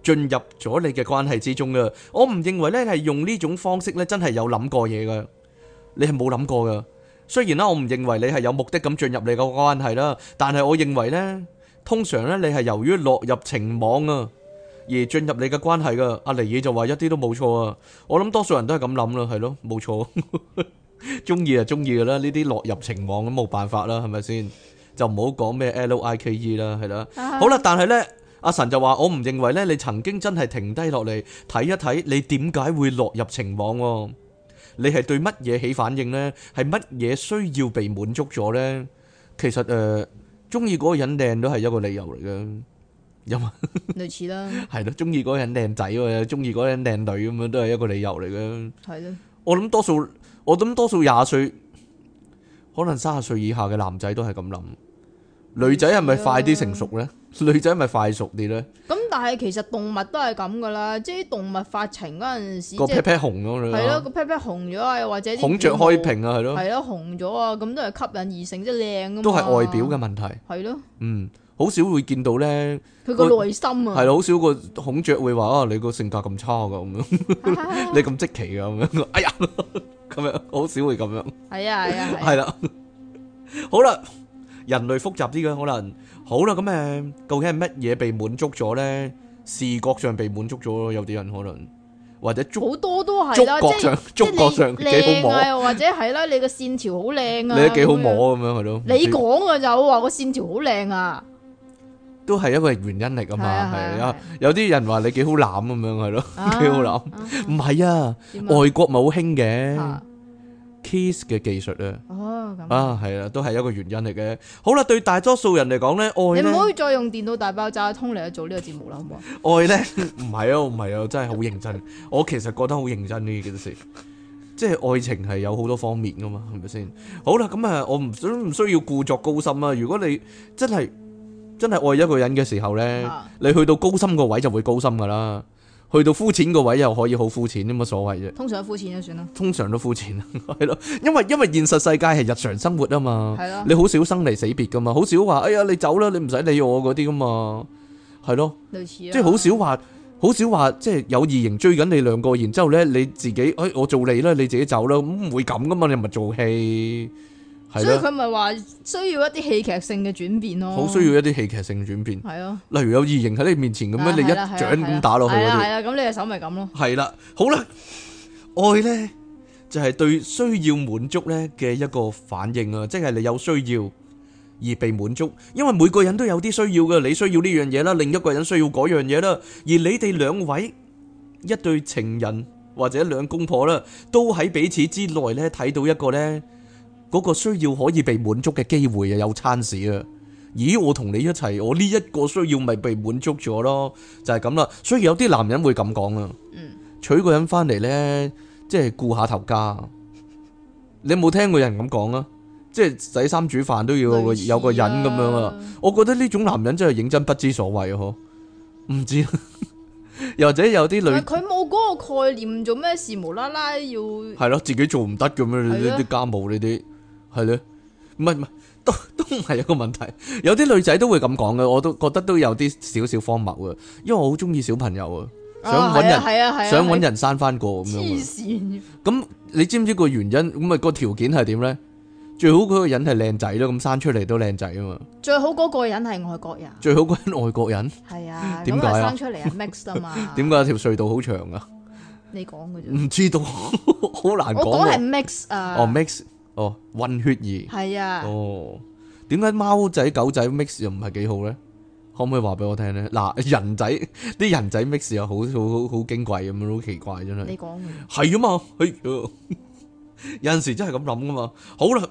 進入咗你嘅關係之中噶？我唔認為咧係用呢種方式咧，真係有諗過嘢噶。你係冇諗過噶。雖然啦，我唔認為你係有目的咁進入你個關係啦，但係我認為呢，通常咧你係由於落入情網啊而進入你嘅關係噶。阿尼爾就話一啲都冇錯啊。我諗多數人都係咁諗啦，係咯，冇錯。中 意就中意噶啦，呢啲落入情網咁冇辦法啦，係咪先？就唔好講咩 L I K E 啦，係啦。好啦，但係咧，阿神就話我唔認為咧，你曾經真係停低落嚟睇一睇，你點解會落入情網？你係對乜嘢起反應咧？係乜嘢需要被滿足咗咧？其實誒，中意嗰個人靚都係一個理由嚟嘅，因為，類似啦。係咯，中意嗰個人靚仔喎，中意嗰個人靚女咁樣都係一個理由嚟嘅。係咯。我諗多數，我諗多數廿歲。可能三十歲以下嘅男仔都係咁諗，女仔係咪快啲成熟咧？女仔係咪快熟啲咧？咁但係其實動物都係咁噶啦，即係啲動物發情嗰陣時，個屁屁紅咗，係咯，個屁屁紅咗啊，又或者孔雀開屏啊，係咯，係咯，紅咗啊，咁都係吸引異性即係靚啊，都係外表嘅問題，係咯，嗯，好少會見到咧，佢個內心啊，係咯，好少個孔雀會話啊，你個性格咁差噶，你咁即期噶，咁樣，哎呀。咁樣好少會咁樣，係啊，係啊係，係啦，好啦，人類複雜啲嘅可能，好啦，咁誒，究竟係乜嘢被滿足咗咧？視覺上被滿足咗咯，有啲人可能或者足好多都係啦，即係足覺上、觸覺上幾好摸，或者係啦，你個線條好靚啊，你幾好摸咁樣係咯，你講啊就，我話個線條好靚啊。都係一個原因嚟噶嘛，係啊！有啲人話你幾好攬咁樣係咯，幾好攬，唔係啊！外國冇好興嘅 kiss 嘅技術啊，啊係啊，都係一個原因嚟嘅。好啦，對大多數人嚟講咧，愛咧，你唔可以再用電腦大爆炸通嚟做呢個節目啦，好唔好啊？愛咧唔係啊，唔係啊，真係好認真。我其實覺得好認真呢件事，即係愛情係有好多方面噶嘛，係咪先？好啦，咁啊，我唔想唔需要故作高深啊。如果你真係。真係愛一個人嘅時候呢，啊、你去到高深個位就會高深噶啦，去到膚淺個位又可以好膚淺，都冇乜所謂啫。通常都膚淺就算啦。通常都膚淺，係咯，因為因為現實世界係日常生活啊嘛，係咯，你好少生離死別噶嘛，好少話，哎呀你走啦，你唔使理我嗰啲噶嘛，係咯，類似即係好少話，好少話，即係有異形追緊你兩個，然之後咧你自己，哎我做你啦，你自己走啦，唔會咁噶嘛，你唔係做戲。所以佢咪話需要一啲戲劇性嘅轉變咯，好需要一啲戲劇性嘅轉變。係咯，例如有異形喺你面前咁樣，你一掌咁打落去嗰度。係啦，咁你隻手咪咁咯。係啦，好啦，愛呢就係對需要滿足呢嘅一個反應啊，即係你有需要而被滿足，因為每個人都有啲需要嘅，你需要呢樣嘢啦，另一個人需要嗰樣嘢啦，而你哋兩位一對情人或者兩公婆啦，都喺彼此之內呢睇到一個呢。嗰個需要可以被滿足嘅機會啊，有餐市啊，咦？我同你一齊，我呢一個需要咪被滿足咗咯？就係咁啦。所以有啲男人會咁講啊。嗯，娶個人翻嚟咧，即係顧下頭家。你有冇聽過人咁講啊？即係洗衫煮飯都要有個人咁樣啊？我覺得呢種男人真係認真不知所謂啊！嗬，唔知，或者有啲女，佢冇嗰個概念做咩事無啦啦要係咯，自己做唔得咁樣，呢啲家務呢啲。係咯，唔係唔係都都唔係一個問題，有啲女仔都會咁講嘅，我都覺得都有啲少少荒謬啊，因為我好中意小朋友、哦、啊，啊啊想搵人，想搵人生翻個咁樣。黐線！咁你知唔知個原因？咁咪個條件係點咧？最好嗰個人係靚仔咯，咁生出嚟都靚仔啊嘛。最好嗰個人係外國人。最好嗰人外國人？係啊，點解生出嚟啊 mix 啊嘛。點解條隧道好長啊？你講嘅啫。唔知道，好 難講啊。我講係 mix 啊。哦 mix 哦，混血兒係啊！哦，點解貓仔狗仔 mix 又唔係幾好咧？可唔可以話俾我聽咧？嗱，人仔啲人仔 mix 又好好好矜貴咁樣，好奇怪真係。你講嘅係啊嘛，有陣時真係咁諗噶嘛。好啦，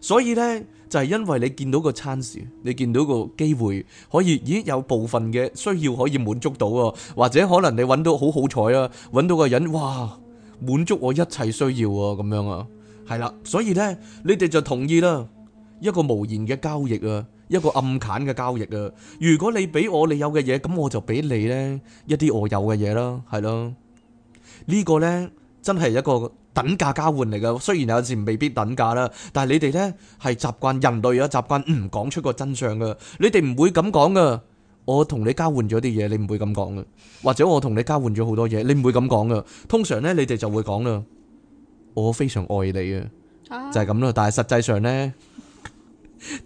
所以咧就係因為你見到個 chance，你見到個機會可以，咦有部分嘅需要可以滿足到啊，或者可能你搵到好好彩啊，搵到個人哇，滿足我一切需要啊，咁樣啊。係啦，所以咧，你哋就同意啦，一個無言嘅交易啊，一個暗砍嘅交易啊。如果你俾我你有嘅嘢，咁我就俾你呢一啲我有嘅嘢啦，係咯。呢個呢，真係一個等價交換嚟噶雖然有時未必等價啦，但係你哋呢係習慣人類啊，習慣唔講出個真相噶。你哋唔會咁講噶我同你交換咗啲嘢，你唔會咁講噶。或者我同你交換咗好多嘢，你唔會咁講噶。通常呢，你哋就會講啦。我非常愛你啊，就係咁咯。但係實際上呢，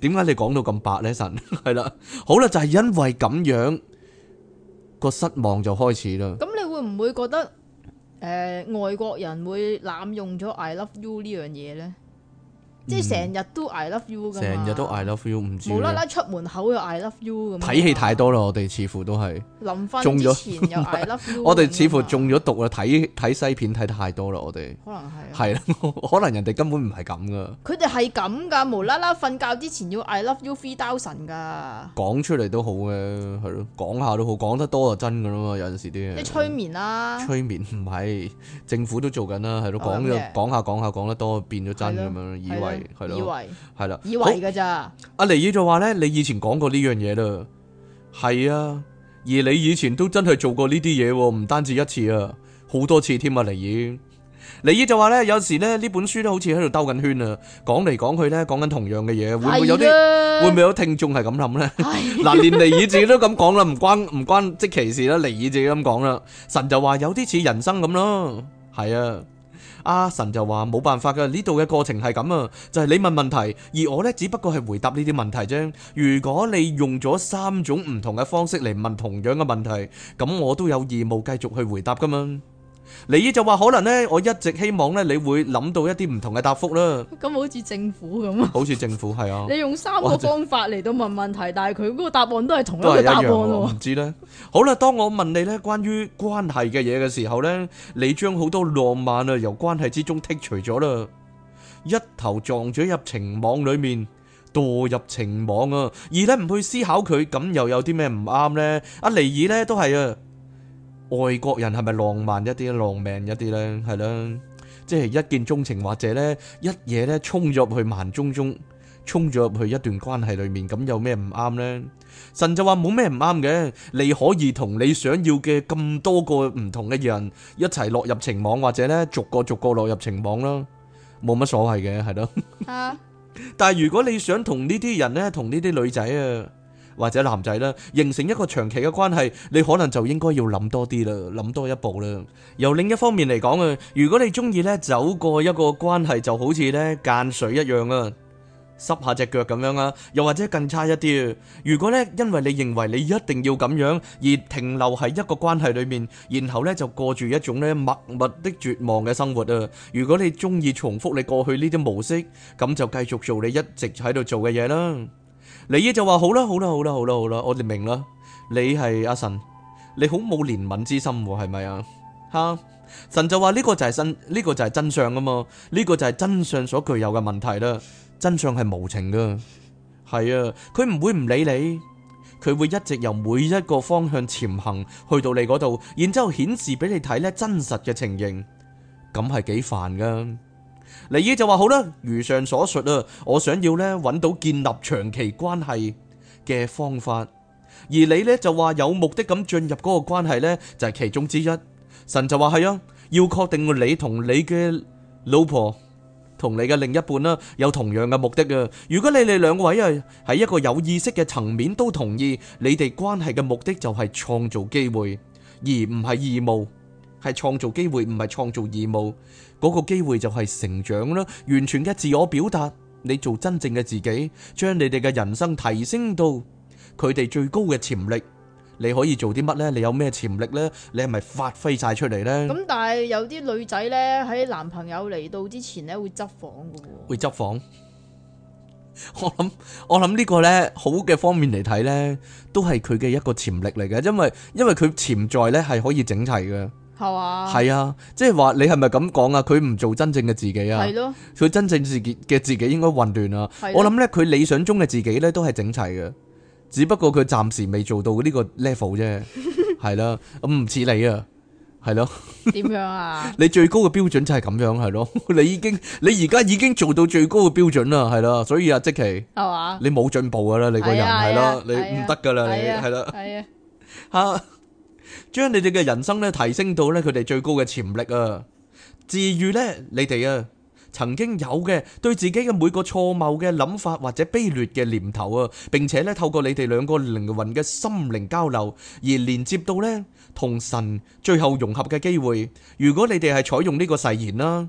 點解你講到咁白呢？神係啦，好啦，就係因為咁樣，個失望就開始啦。咁你會唔會覺得誒，外國人會濫用咗 I love you 呢樣嘢呢？即係成日都 I love you 噶嘛，成日都 I love you，唔知無啦啦出門口又 I love you 咁。睇戲太多啦，我哋似乎都係臨瞓之前又 I love you 了。 我哋似乎中咗毒啦，睇睇 西片睇太多啦，我哋可能係係啦，可能人哋根本唔係咁噶。佢哋係咁噶，無啦啦瞓覺之前要 I love you three thousand 噶。講出嚟都好嘅，係咯，講下都好，講得多就真噶啦嘛。有陣時啲你催眠啦、啊，催眠唔係政府都做緊啦，係咯，講講、oh, okay. 下講下講得多變咗真咁樣，了以為。係，係咯，係啦，以為㗎咋？阿、啊、尼爾就話咧，你以前講過呢樣嘢啦，係啊，而你以前都真係做過呢啲嘢，唔單止一次啊，好多次添啊，尼爾。尼爾就話咧，有時咧呢本書都好似喺度兜緊圈啊，講嚟講去咧講緊同樣嘅嘢的，會唔會有啲？會唔會有聽眾係咁諗咧？嗱的， 連尼爾自己都咁講啦，唔關唔關即其事啦，尼爾自己咁講啦，神就話有啲似人生咁咯，係啊。阿神就話冇辦法噶，呢度嘅過程係咁啊，就係你問問題，而我呢，只不過係回答呢啲問題啫。如果你用咗三種唔同嘅方式嚟問同樣嘅問題，咁我都有義務繼續去回答噶嘛。尼爾就話可能咧，我一直希望咧，你會諗到一啲唔同嘅答覆啦。咁好似政府咁啊？好似政府係啊。你用三個方法嚟到問問題，但係佢嗰個答案都係同一個答案咯。唔知咧。好啦，當我問你咧關於關係嘅嘢嘅時候咧，你將好多浪漫啊由關係之中剔除咗啦，一頭撞咗入情網裏面，墮入情網啊！而咧唔去思考佢，咁又有啲咩唔啱咧？阿尼爾咧都係啊。外國人係咪浪漫一啲，浪漫一啲咧？係啦，即係一見鍾情或者咧，一夜咧衝咗入去萬中中，衝咗入去一段關係裏面，咁有咩唔啱咧？神就話冇咩唔啱嘅，你可以同你想要嘅咁多個唔同嘅人一齊落入情網，或者咧逐個逐個落入情網咯，冇乜所謂嘅，係咯。啊！但係如果你想同呢啲人咧，同呢啲女仔啊。或者男仔啦，形成一個長期嘅關係，你可能就應該要諗多啲啦，諗多一步啦。由另一方面嚟講啊，如果你中意咧走過一個關係，就好似咧間水一樣啊，濕下隻腳咁樣啊，又或者更差一啲啊，如果咧因為你認為你一定要咁樣而停留喺一個關係裏面，然後咧就過住一種咧默默的絕望嘅生活啊。如果你中意重複你過去呢啲模式，咁就繼續做你一直喺度做嘅嘢啦。你嘢就話好啦，好啦，好啦，好啦，好啦，我哋明啦。你係阿神，你好冇憐憫之心係咪啊？吓，神就話呢個就係真，呢個就係真相啊嘛。呢個就係真相所具有嘅問題啦。真相係無情噶，係啊，佢唔會唔理你，佢會一直由每一個方向潛行去到你嗰度，然之後顯示俾你睇咧真實嘅情形。咁係幾煩噶。你咧就話好啦，如上所述啊，我想要咧揾到建立長期關係嘅方法，而你咧就話有目的咁進入嗰個關係咧就係其中之一。神就話係啊，要確定你同你嘅老婆同你嘅另一半啦有同樣嘅目的啊。如果你哋兩位啊喺一個有意識嘅層面都同意，你哋關係嘅目的就係創造機會，而唔係義務。係創造機會，唔係創造義務。嗰個機會就係成長啦，完全嘅自我表達。你做真正嘅自己，將你哋嘅人生提升到佢哋最高嘅潛力。你可以做啲乜呢？你有咩潛力呢？你係咪發揮晒出嚟呢？咁但係有啲女仔呢，喺男朋友嚟到之前呢，會執房噶喎。會執房？我諗我諗呢個呢，好嘅方面嚟睇呢，都係佢嘅一個潛力嚟嘅，因為因為佢潛在呢係可以整齊嘅。係啊，即係話，你係咪咁講啊？佢唔做真正嘅自己啊？佢真正自己嘅自己應該混亂啊。我諗呢，佢理想中嘅自己呢都係整齊嘅，只不過佢暫時未做到呢個 level 啫。係啦，咁唔似你啊，係咯。點樣啊？你最高嘅標準就係咁樣，係咯？你已經，你而家已經做到最高嘅標準啦，係啦。所以啊，即琪，係你冇進步噶啦，你個人係咯，你唔得噶啦，你係啦。係啊，吓。將你哋嘅人生咧提升到咧佢哋最高嘅潛力啊！治癒咧你哋啊，曾經有嘅對自己嘅每個錯謬嘅諗法或者卑劣嘅念頭啊，並且咧透過你哋兩個靈魂嘅心靈交流而連接到咧同神最後融合嘅機會。如果你哋係採用呢個誓言啦。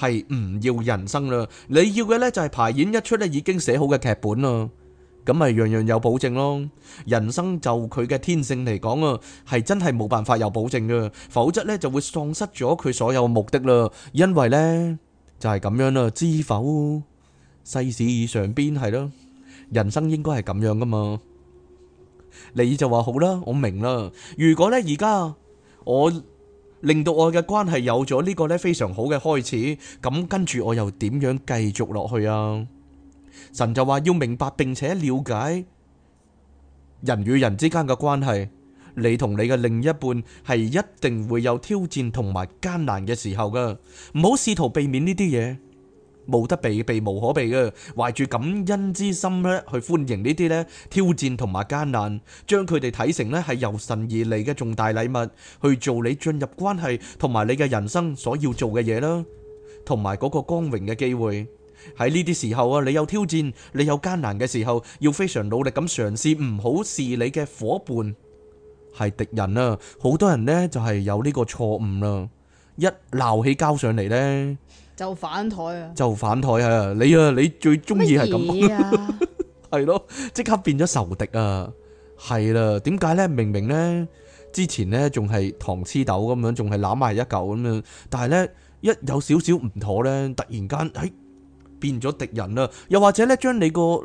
係唔要人生啦，你要嘅呢就係排演一出呢已經寫好嘅劇本啦，咁咪樣樣有保證咯。人生就佢嘅天性嚟講啊，係真係冇辦法有保證嘅，否則呢就會喪失咗佢所有目的啦。因為呢就係咁樣啦，知否？世事以上邊係咯，人生應該係咁樣噶嘛。你就話好啦，我明啦。如果呢而家我。令到我嘅關係有咗呢個咧非常好嘅開始，咁跟住我又點樣繼續落去啊？神就話要明白並且了解人與人之間嘅關係，你同你嘅另一半係一定會有挑戰同埋艱難嘅時候噶，唔好試圖避免呢啲嘢。冇得避，避無可避嘅，懷住感恩之心咧，去歡迎呢啲咧挑戰同埋艱難，將佢哋睇成咧係由神而嚟嘅重大禮物，去做你進入關係同埋你嘅人生所要做嘅嘢啦，同埋嗰個光榮嘅機會。喺呢啲時候啊，你有挑戰，你有艱難嘅時候，要非常努力咁嘗試，唔好視你嘅伙伴係敵人啊！好多人咧就係有呢個錯誤啦，一鬧起交上嚟咧。就反台啊！就反台啊！你啊，你最中意係咁，係咯，即刻變咗仇敵啊！係啦，點解呢？明明呢之前呢仲係糖黐豆咁樣，仲係攬埋一嚿咁樣，但係呢一有少少唔妥呢，突然間誒變咗敵人啦！又或者呢，將你個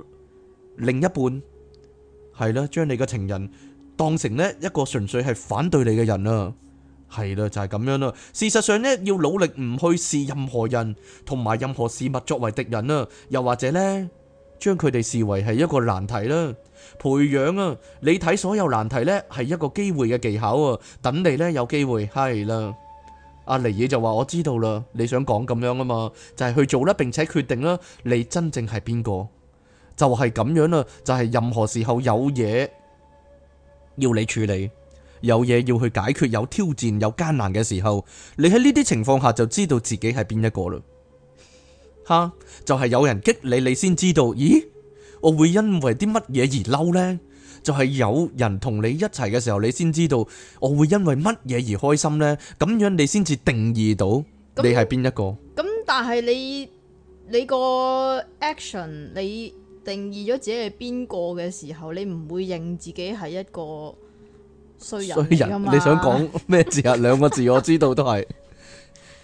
另一半係啦，將你個情人當成呢一個純粹係反對你嘅人啊！係啦，就係咁樣啦。事實上呢，要努力唔去視任何人同埋任何事物作為敵人啦，又或者呢，將佢哋視為係一個難題啦。培養啊，你睇所有難題呢，係一個機會嘅技巧啊，等你呢，有機會，係啦。阿尼耶就話我知道啦，你想講咁樣啊嘛，就係去做啦，並且決定啦，你真正係邊個？就係咁樣啦，就係任何時候有嘢要你處理，有嘢要去解決，有挑戰，有艱難嘅時候，你喺呢啲情況下就知道自己係邊一個啦。吓，就係有人激你，你先知道。咦，我會因為啲乜嘢而嬲呢？就係有人同你一齊嘅時候，你先知道我會因為乜嘢而開心呢？咁樣你先至定義到你係邊一個。咁但係你你個 action，你定義咗自己係邊個嘅時候，你唔會認自己係一個衰人，你想講咩字啊？兩 個字我知道都係。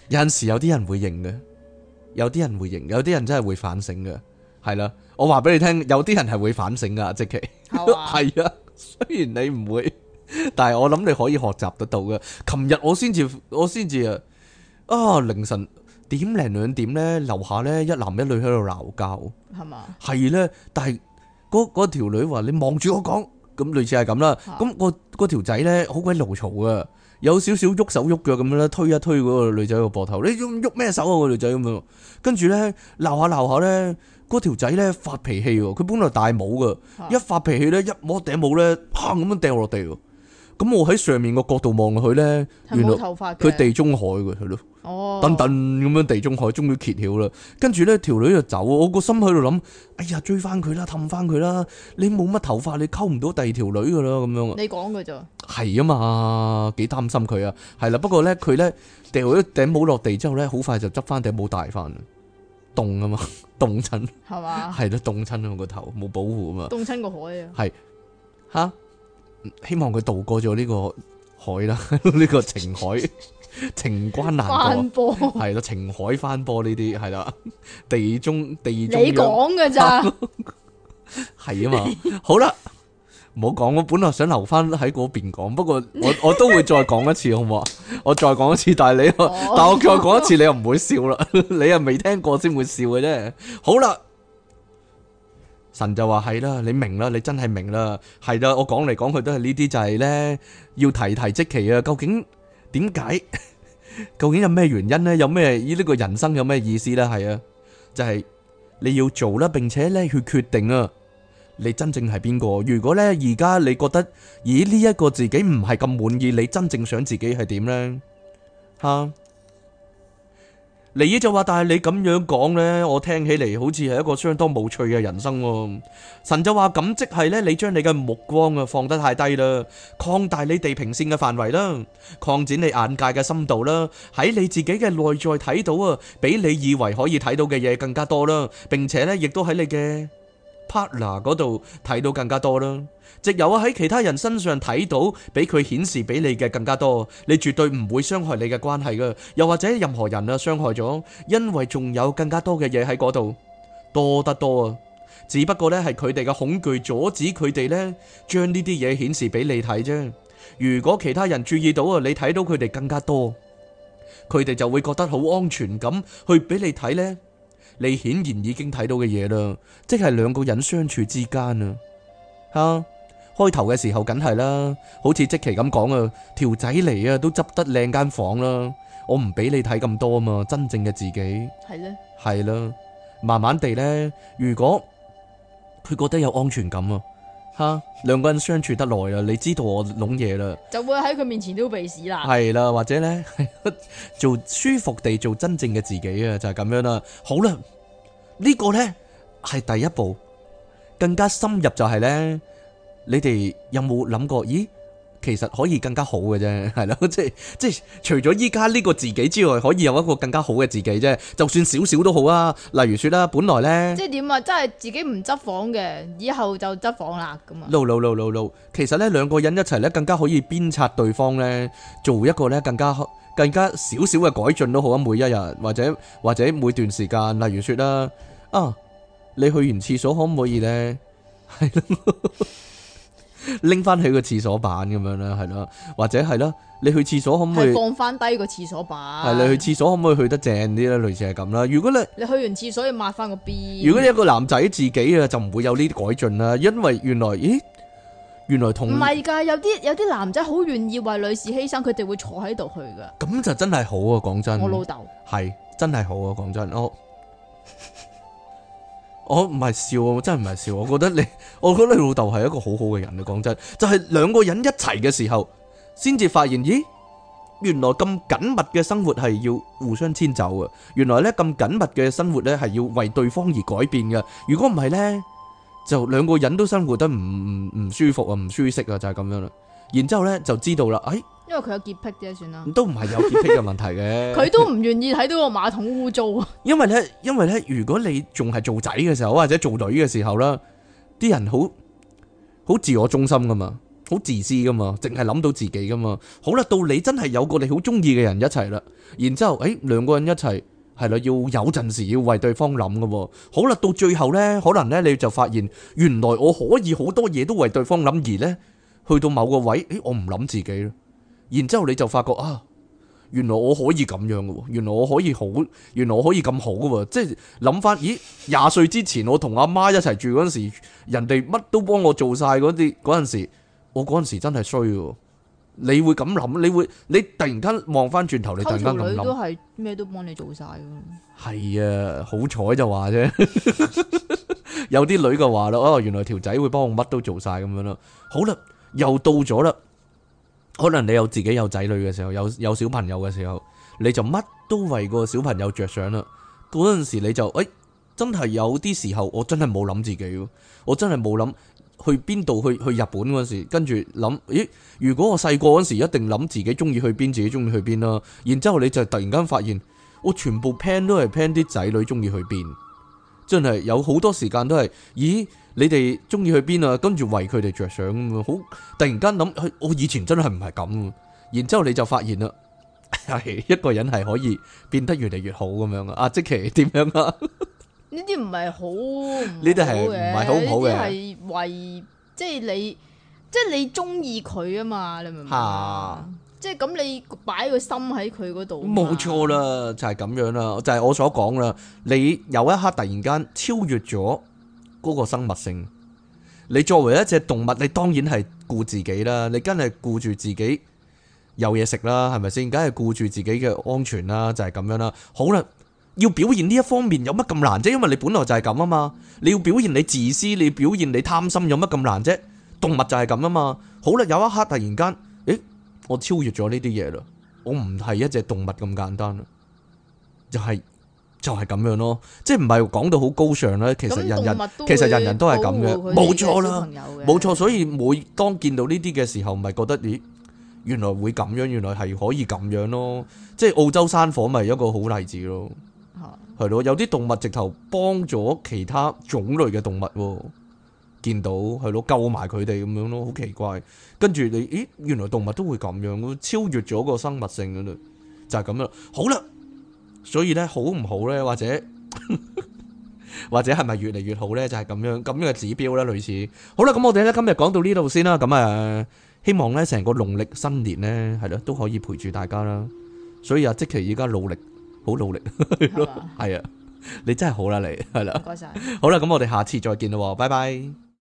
有陣時有啲人會認嘅，有啲人會認，有啲人真係會反省嘅，係啦。我話俾你聽，有啲人係會反省噶，即係係啊。 雖然你唔會，但係我諗你可以學習得到嘅。琴日我先至，我先至啊啊！凌晨點零兩點咧，樓下咧一男一女喺度鬧交，係嘛嗎？係咧，但係嗰嗰條女話你望住我講。咁類似係咁啦，咁個嗰條仔咧好鬼牢嘈嘅，有少少喐手喐腳咁樣，推一推嗰個女仔個膊頭，你喐咩手啊？嗰個女仔咁樣，跟住咧鬧下鬧下咧，嗰條仔咧發脾氣喎，佢本來戴帽嘅，一發脾氣咧一摸頂帽咧，砰、啊、咁樣掉落地喎，咁我喺上面個角度望落去咧，原來佢地中海嘅係咯。等等，咁樣，地中海終於揭曉啦，跟住咧條女就走，我個心喺度諗，哎呀追翻佢啦，氹翻佢啦，你冇乜頭髮，你溝唔到第二條女噶啦，咁樣。你講佢咋？係啊嘛，幾擔心佢啊，係啦。不過咧佢咧掉咗頂帽落地之後咧，好快就執翻頂帽戴翻啦，凍啊嘛，凍親係嘛，係咯凍親啊，我個頭冇保護啊嘛，凍親個海啊，係吓，希望佢渡過咗呢個海啦，呢個情海。 情關難過，係咯波，情海翻波呢啲係啦，地中地中你講嘅咋係啊嘛？ 吧 好啦，唔好講，我本來想留翻喺嗰邊講，不過我我，我都會再講一次，好唔好？我再講一次，但係你， 但我再講一次，你又唔會笑啦， 你又未聽過先會笑嘅啫。好啦，神就話係啦，你明啦，你真係明啦，係啦，我講嚟講去都係呢啲，就係咧要提提即期啊，究竟？點解？ 究竟有咩原因呢？有咩，呢個人生有咩意思呢？係啊，就係你要做啦，並且呢去決定啊，你真正係邊個？如果呢而家你覺得以呢一個自己唔係咁滿意，你真正想自己係點呢？啊！尼伊就話，但係你咁樣講呢，我聽起嚟好似係一個相當無趣嘅人生。神就話咁，即係呢，你將你嘅目光啊放得太低啦，擴大你地平線嘅範圍啦，擴展你眼界嘅深度啦，喺你自己嘅內在睇到啊，比你以為可以睇到嘅嘢更加多啦，並且呢，亦都喺你嘅 partner 嗰度睇到更加多啦。直由啊，喺其他人身上睇到，比佢顯示俾你嘅，更加多，你絕對唔會傷害你嘅關係噶。又或者任何人啊，傷害咗，因為仲有更加多嘅嘢喺嗰度，多得多啊。只不過呢係佢哋嘅恐懼阻止佢哋呢將呢啲嘢顯示俾你睇啫。如果其他人注意到啊，你睇到佢哋更加多，佢哋就會覺得好安全咁去俾你睇呢。你顯然已經睇到嘅嘢啦，即係兩個人相處之間啊，吓。開頭嘅時候，梗係啦，好似即期咁講啊，條仔嚟啊，都執得靚間房啦。我唔俾你睇咁多嘛，真正嘅自己係咧係啦，慢慢地咧。如果佢覺得有安全感啊，吓兩個人相處得耐啊，你知道我攏嘢啦，就會喺佢面前都鼻屎啦。係啦，或者咧 做舒服地做真正嘅自己啊，就係、是、咁樣啦。好啦，這個、呢個咧係第一步，更加深入就係咧。你哋有冇諗過？咦，其實可以更加好嘅啫，係咯，即係即係除咗依家呢個自己之外，可以有一個更加好嘅自己啫，就算少少都好啊。例如說啦，本來呢，即係點啊，真係自己唔執房嘅，以後就執房啦，咁啊。no no no no no，其實呢，兩個人一齊呢，更加可以鞭策對方呢，做一個呢更加更加少少嘅改進都好啊。每一日或者或者每段時間，例如說啦，啊，你去完廁所可唔可以呢？係咯。拎翻起個廁所板咁樣啦，係咯，或者係咯，你去廁所可唔可以放翻低個廁所板？係你去廁所可唔可以去得正啲咧？類似係咁啦。如果你你去完廁所要抹翻個邊。如果你一個男仔自己啊，就唔會有呢啲改進啦，因為原來咦，原來同唔係噶，有啲有啲男仔好願意為女士犧牲，佢哋會坐喺度去噶。咁就真係好啊！講真，我老豆係真係好啊！講真，我、oh.。我唔係笑，我真唔係笑。我覺得你，我覺得你老豆係一個好好嘅人。你講真，就係兩個人一齊嘅時候，先至發現，咦，原來咁緊密嘅生活係要互相遷就啊！原來呢咁緊密嘅生活呢係要爲對方而改變嘅。如果唔係呢，就兩個人都生活得唔唔舒服啊，唔舒適啊，就係咁樣啦。然之後呢就知道啦，哎。因為佢有潔癖啫，算啦。都唔係有潔癖嘅問題嘅。佢都唔願意睇到個馬桶污糟啊。因為呢，因為呢，如果你仲係做仔嘅時候，或者做女嘅時候啦，啲人好好自我中心噶嘛，好自私噶嘛，淨係諗到自己噶嘛。好啦，到你真係有個你好中意嘅人一齊啦，然之後誒，兩個人一齊係啦，要有陣時要為對方諗噶。好啦，到最後呢，可能呢你就發現，原來我可以好多嘢都為對方諗，而呢去到某個位，誒，我唔諗自己啦。然之後你就發覺啊，原來我可以咁樣嘅喎，原來我可以好，原來我可以咁好嘅喎，即係諗翻，咦，廿歲之前我同阿媽一齊住嗰陣時，人哋乜都幫我做晒嗰啲嗰陣時，我嗰陣時真係衰喎。你會咁諗？你會你突然間望翻轉頭，你突然間諗諗。溝條女都係咩都幫你做晒嘅。係啊，好彩就話啫。 有啲女就話咯，哦、啊，原來條仔會幫我乜都做晒咁樣咯。好啦，又到咗啦。可能你有自己有仔女嘅時候，有有小朋友嘅時候，你就乜都為個小朋友着想啦。嗰陣時你就誒，真係有啲時、時候，我真係冇諗自己，我真係冇諗去邊度去去日本嗰時，跟住諗咦，如果我細個嗰時一定諗自己中意去邊，自己中意去邊啦。然之後你就突然間發現，我全部 plan 都係 plan 啲仔女中意去邊。真係有好多時間都係，咦？你哋中意去邊啊？跟住為佢哋着想咁樣，好突然間諗，我、哦、以前真係唔係咁。然之後你就發現啦，係、哎、一個人係可以變得越嚟越好咁樣噶。阿、啊、即奇點樣啊？呢啲唔係好，呢啲係唔係好唔好嘅？呢啲係為即係、就是、你，即、就、係、是、你中意佢啊嘛？你明唔明啊？即係咁，你擺個心喺佢嗰度，冇錯啦，就係咁樣啦，就係我所講啦。你有一刻突然間超越咗嗰個生物性，你作為一隻動物，你當然係顧自己啦，你梗係顧住自己有嘢食啦，係咪先？梗係顧住自己嘅安全啦，就係咁樣啦。好啦，要表現呢一方面有乜咁難啫？因為你本來就係咁啊嘛，你要表現你自私，你要表現你貪心，有乜咁難啫？動物就係咁啊嘛。好啦，有一刻突然間。我超越咗呢啲嘢啦，我唔係一隻動物咁簡單啦，就係就係咁樣咯，即係唔係講到好高尚啦，其實人人其實人人都係咁嘅，冇錯啦，冇錯，所以每當見到呢啲嘅時候，咪覺得咦，原來會咁樣，原來係可以咁樣咯，即係澳洲山火咪一個好例子咯，係咯，有啲動物直頭幫咗其他種類嘅動物喎。見到係咯，救埋佢哋咁樣咯，好奇怪。跟住你，咦？原來動物都會咁樣，超越咗個生物性嘅嘞，就係咁樣。好啦，所以咧，好唔好咧？或者 或者係咪越嚟越好咧？就係、是、咁樣咁樣嘅指標咧，類似。好啦，咁我哋咧今日講到呢度先啦。咁啊，希望咧成個農曆新年咧係咯都可以陪住大家啦。所以啊，即期而家努力，好努力咯。係啊吧，你真係好啦，你係啦，唔該晒。謝謝，好啦，咁我哋下次再見啦，拜拜。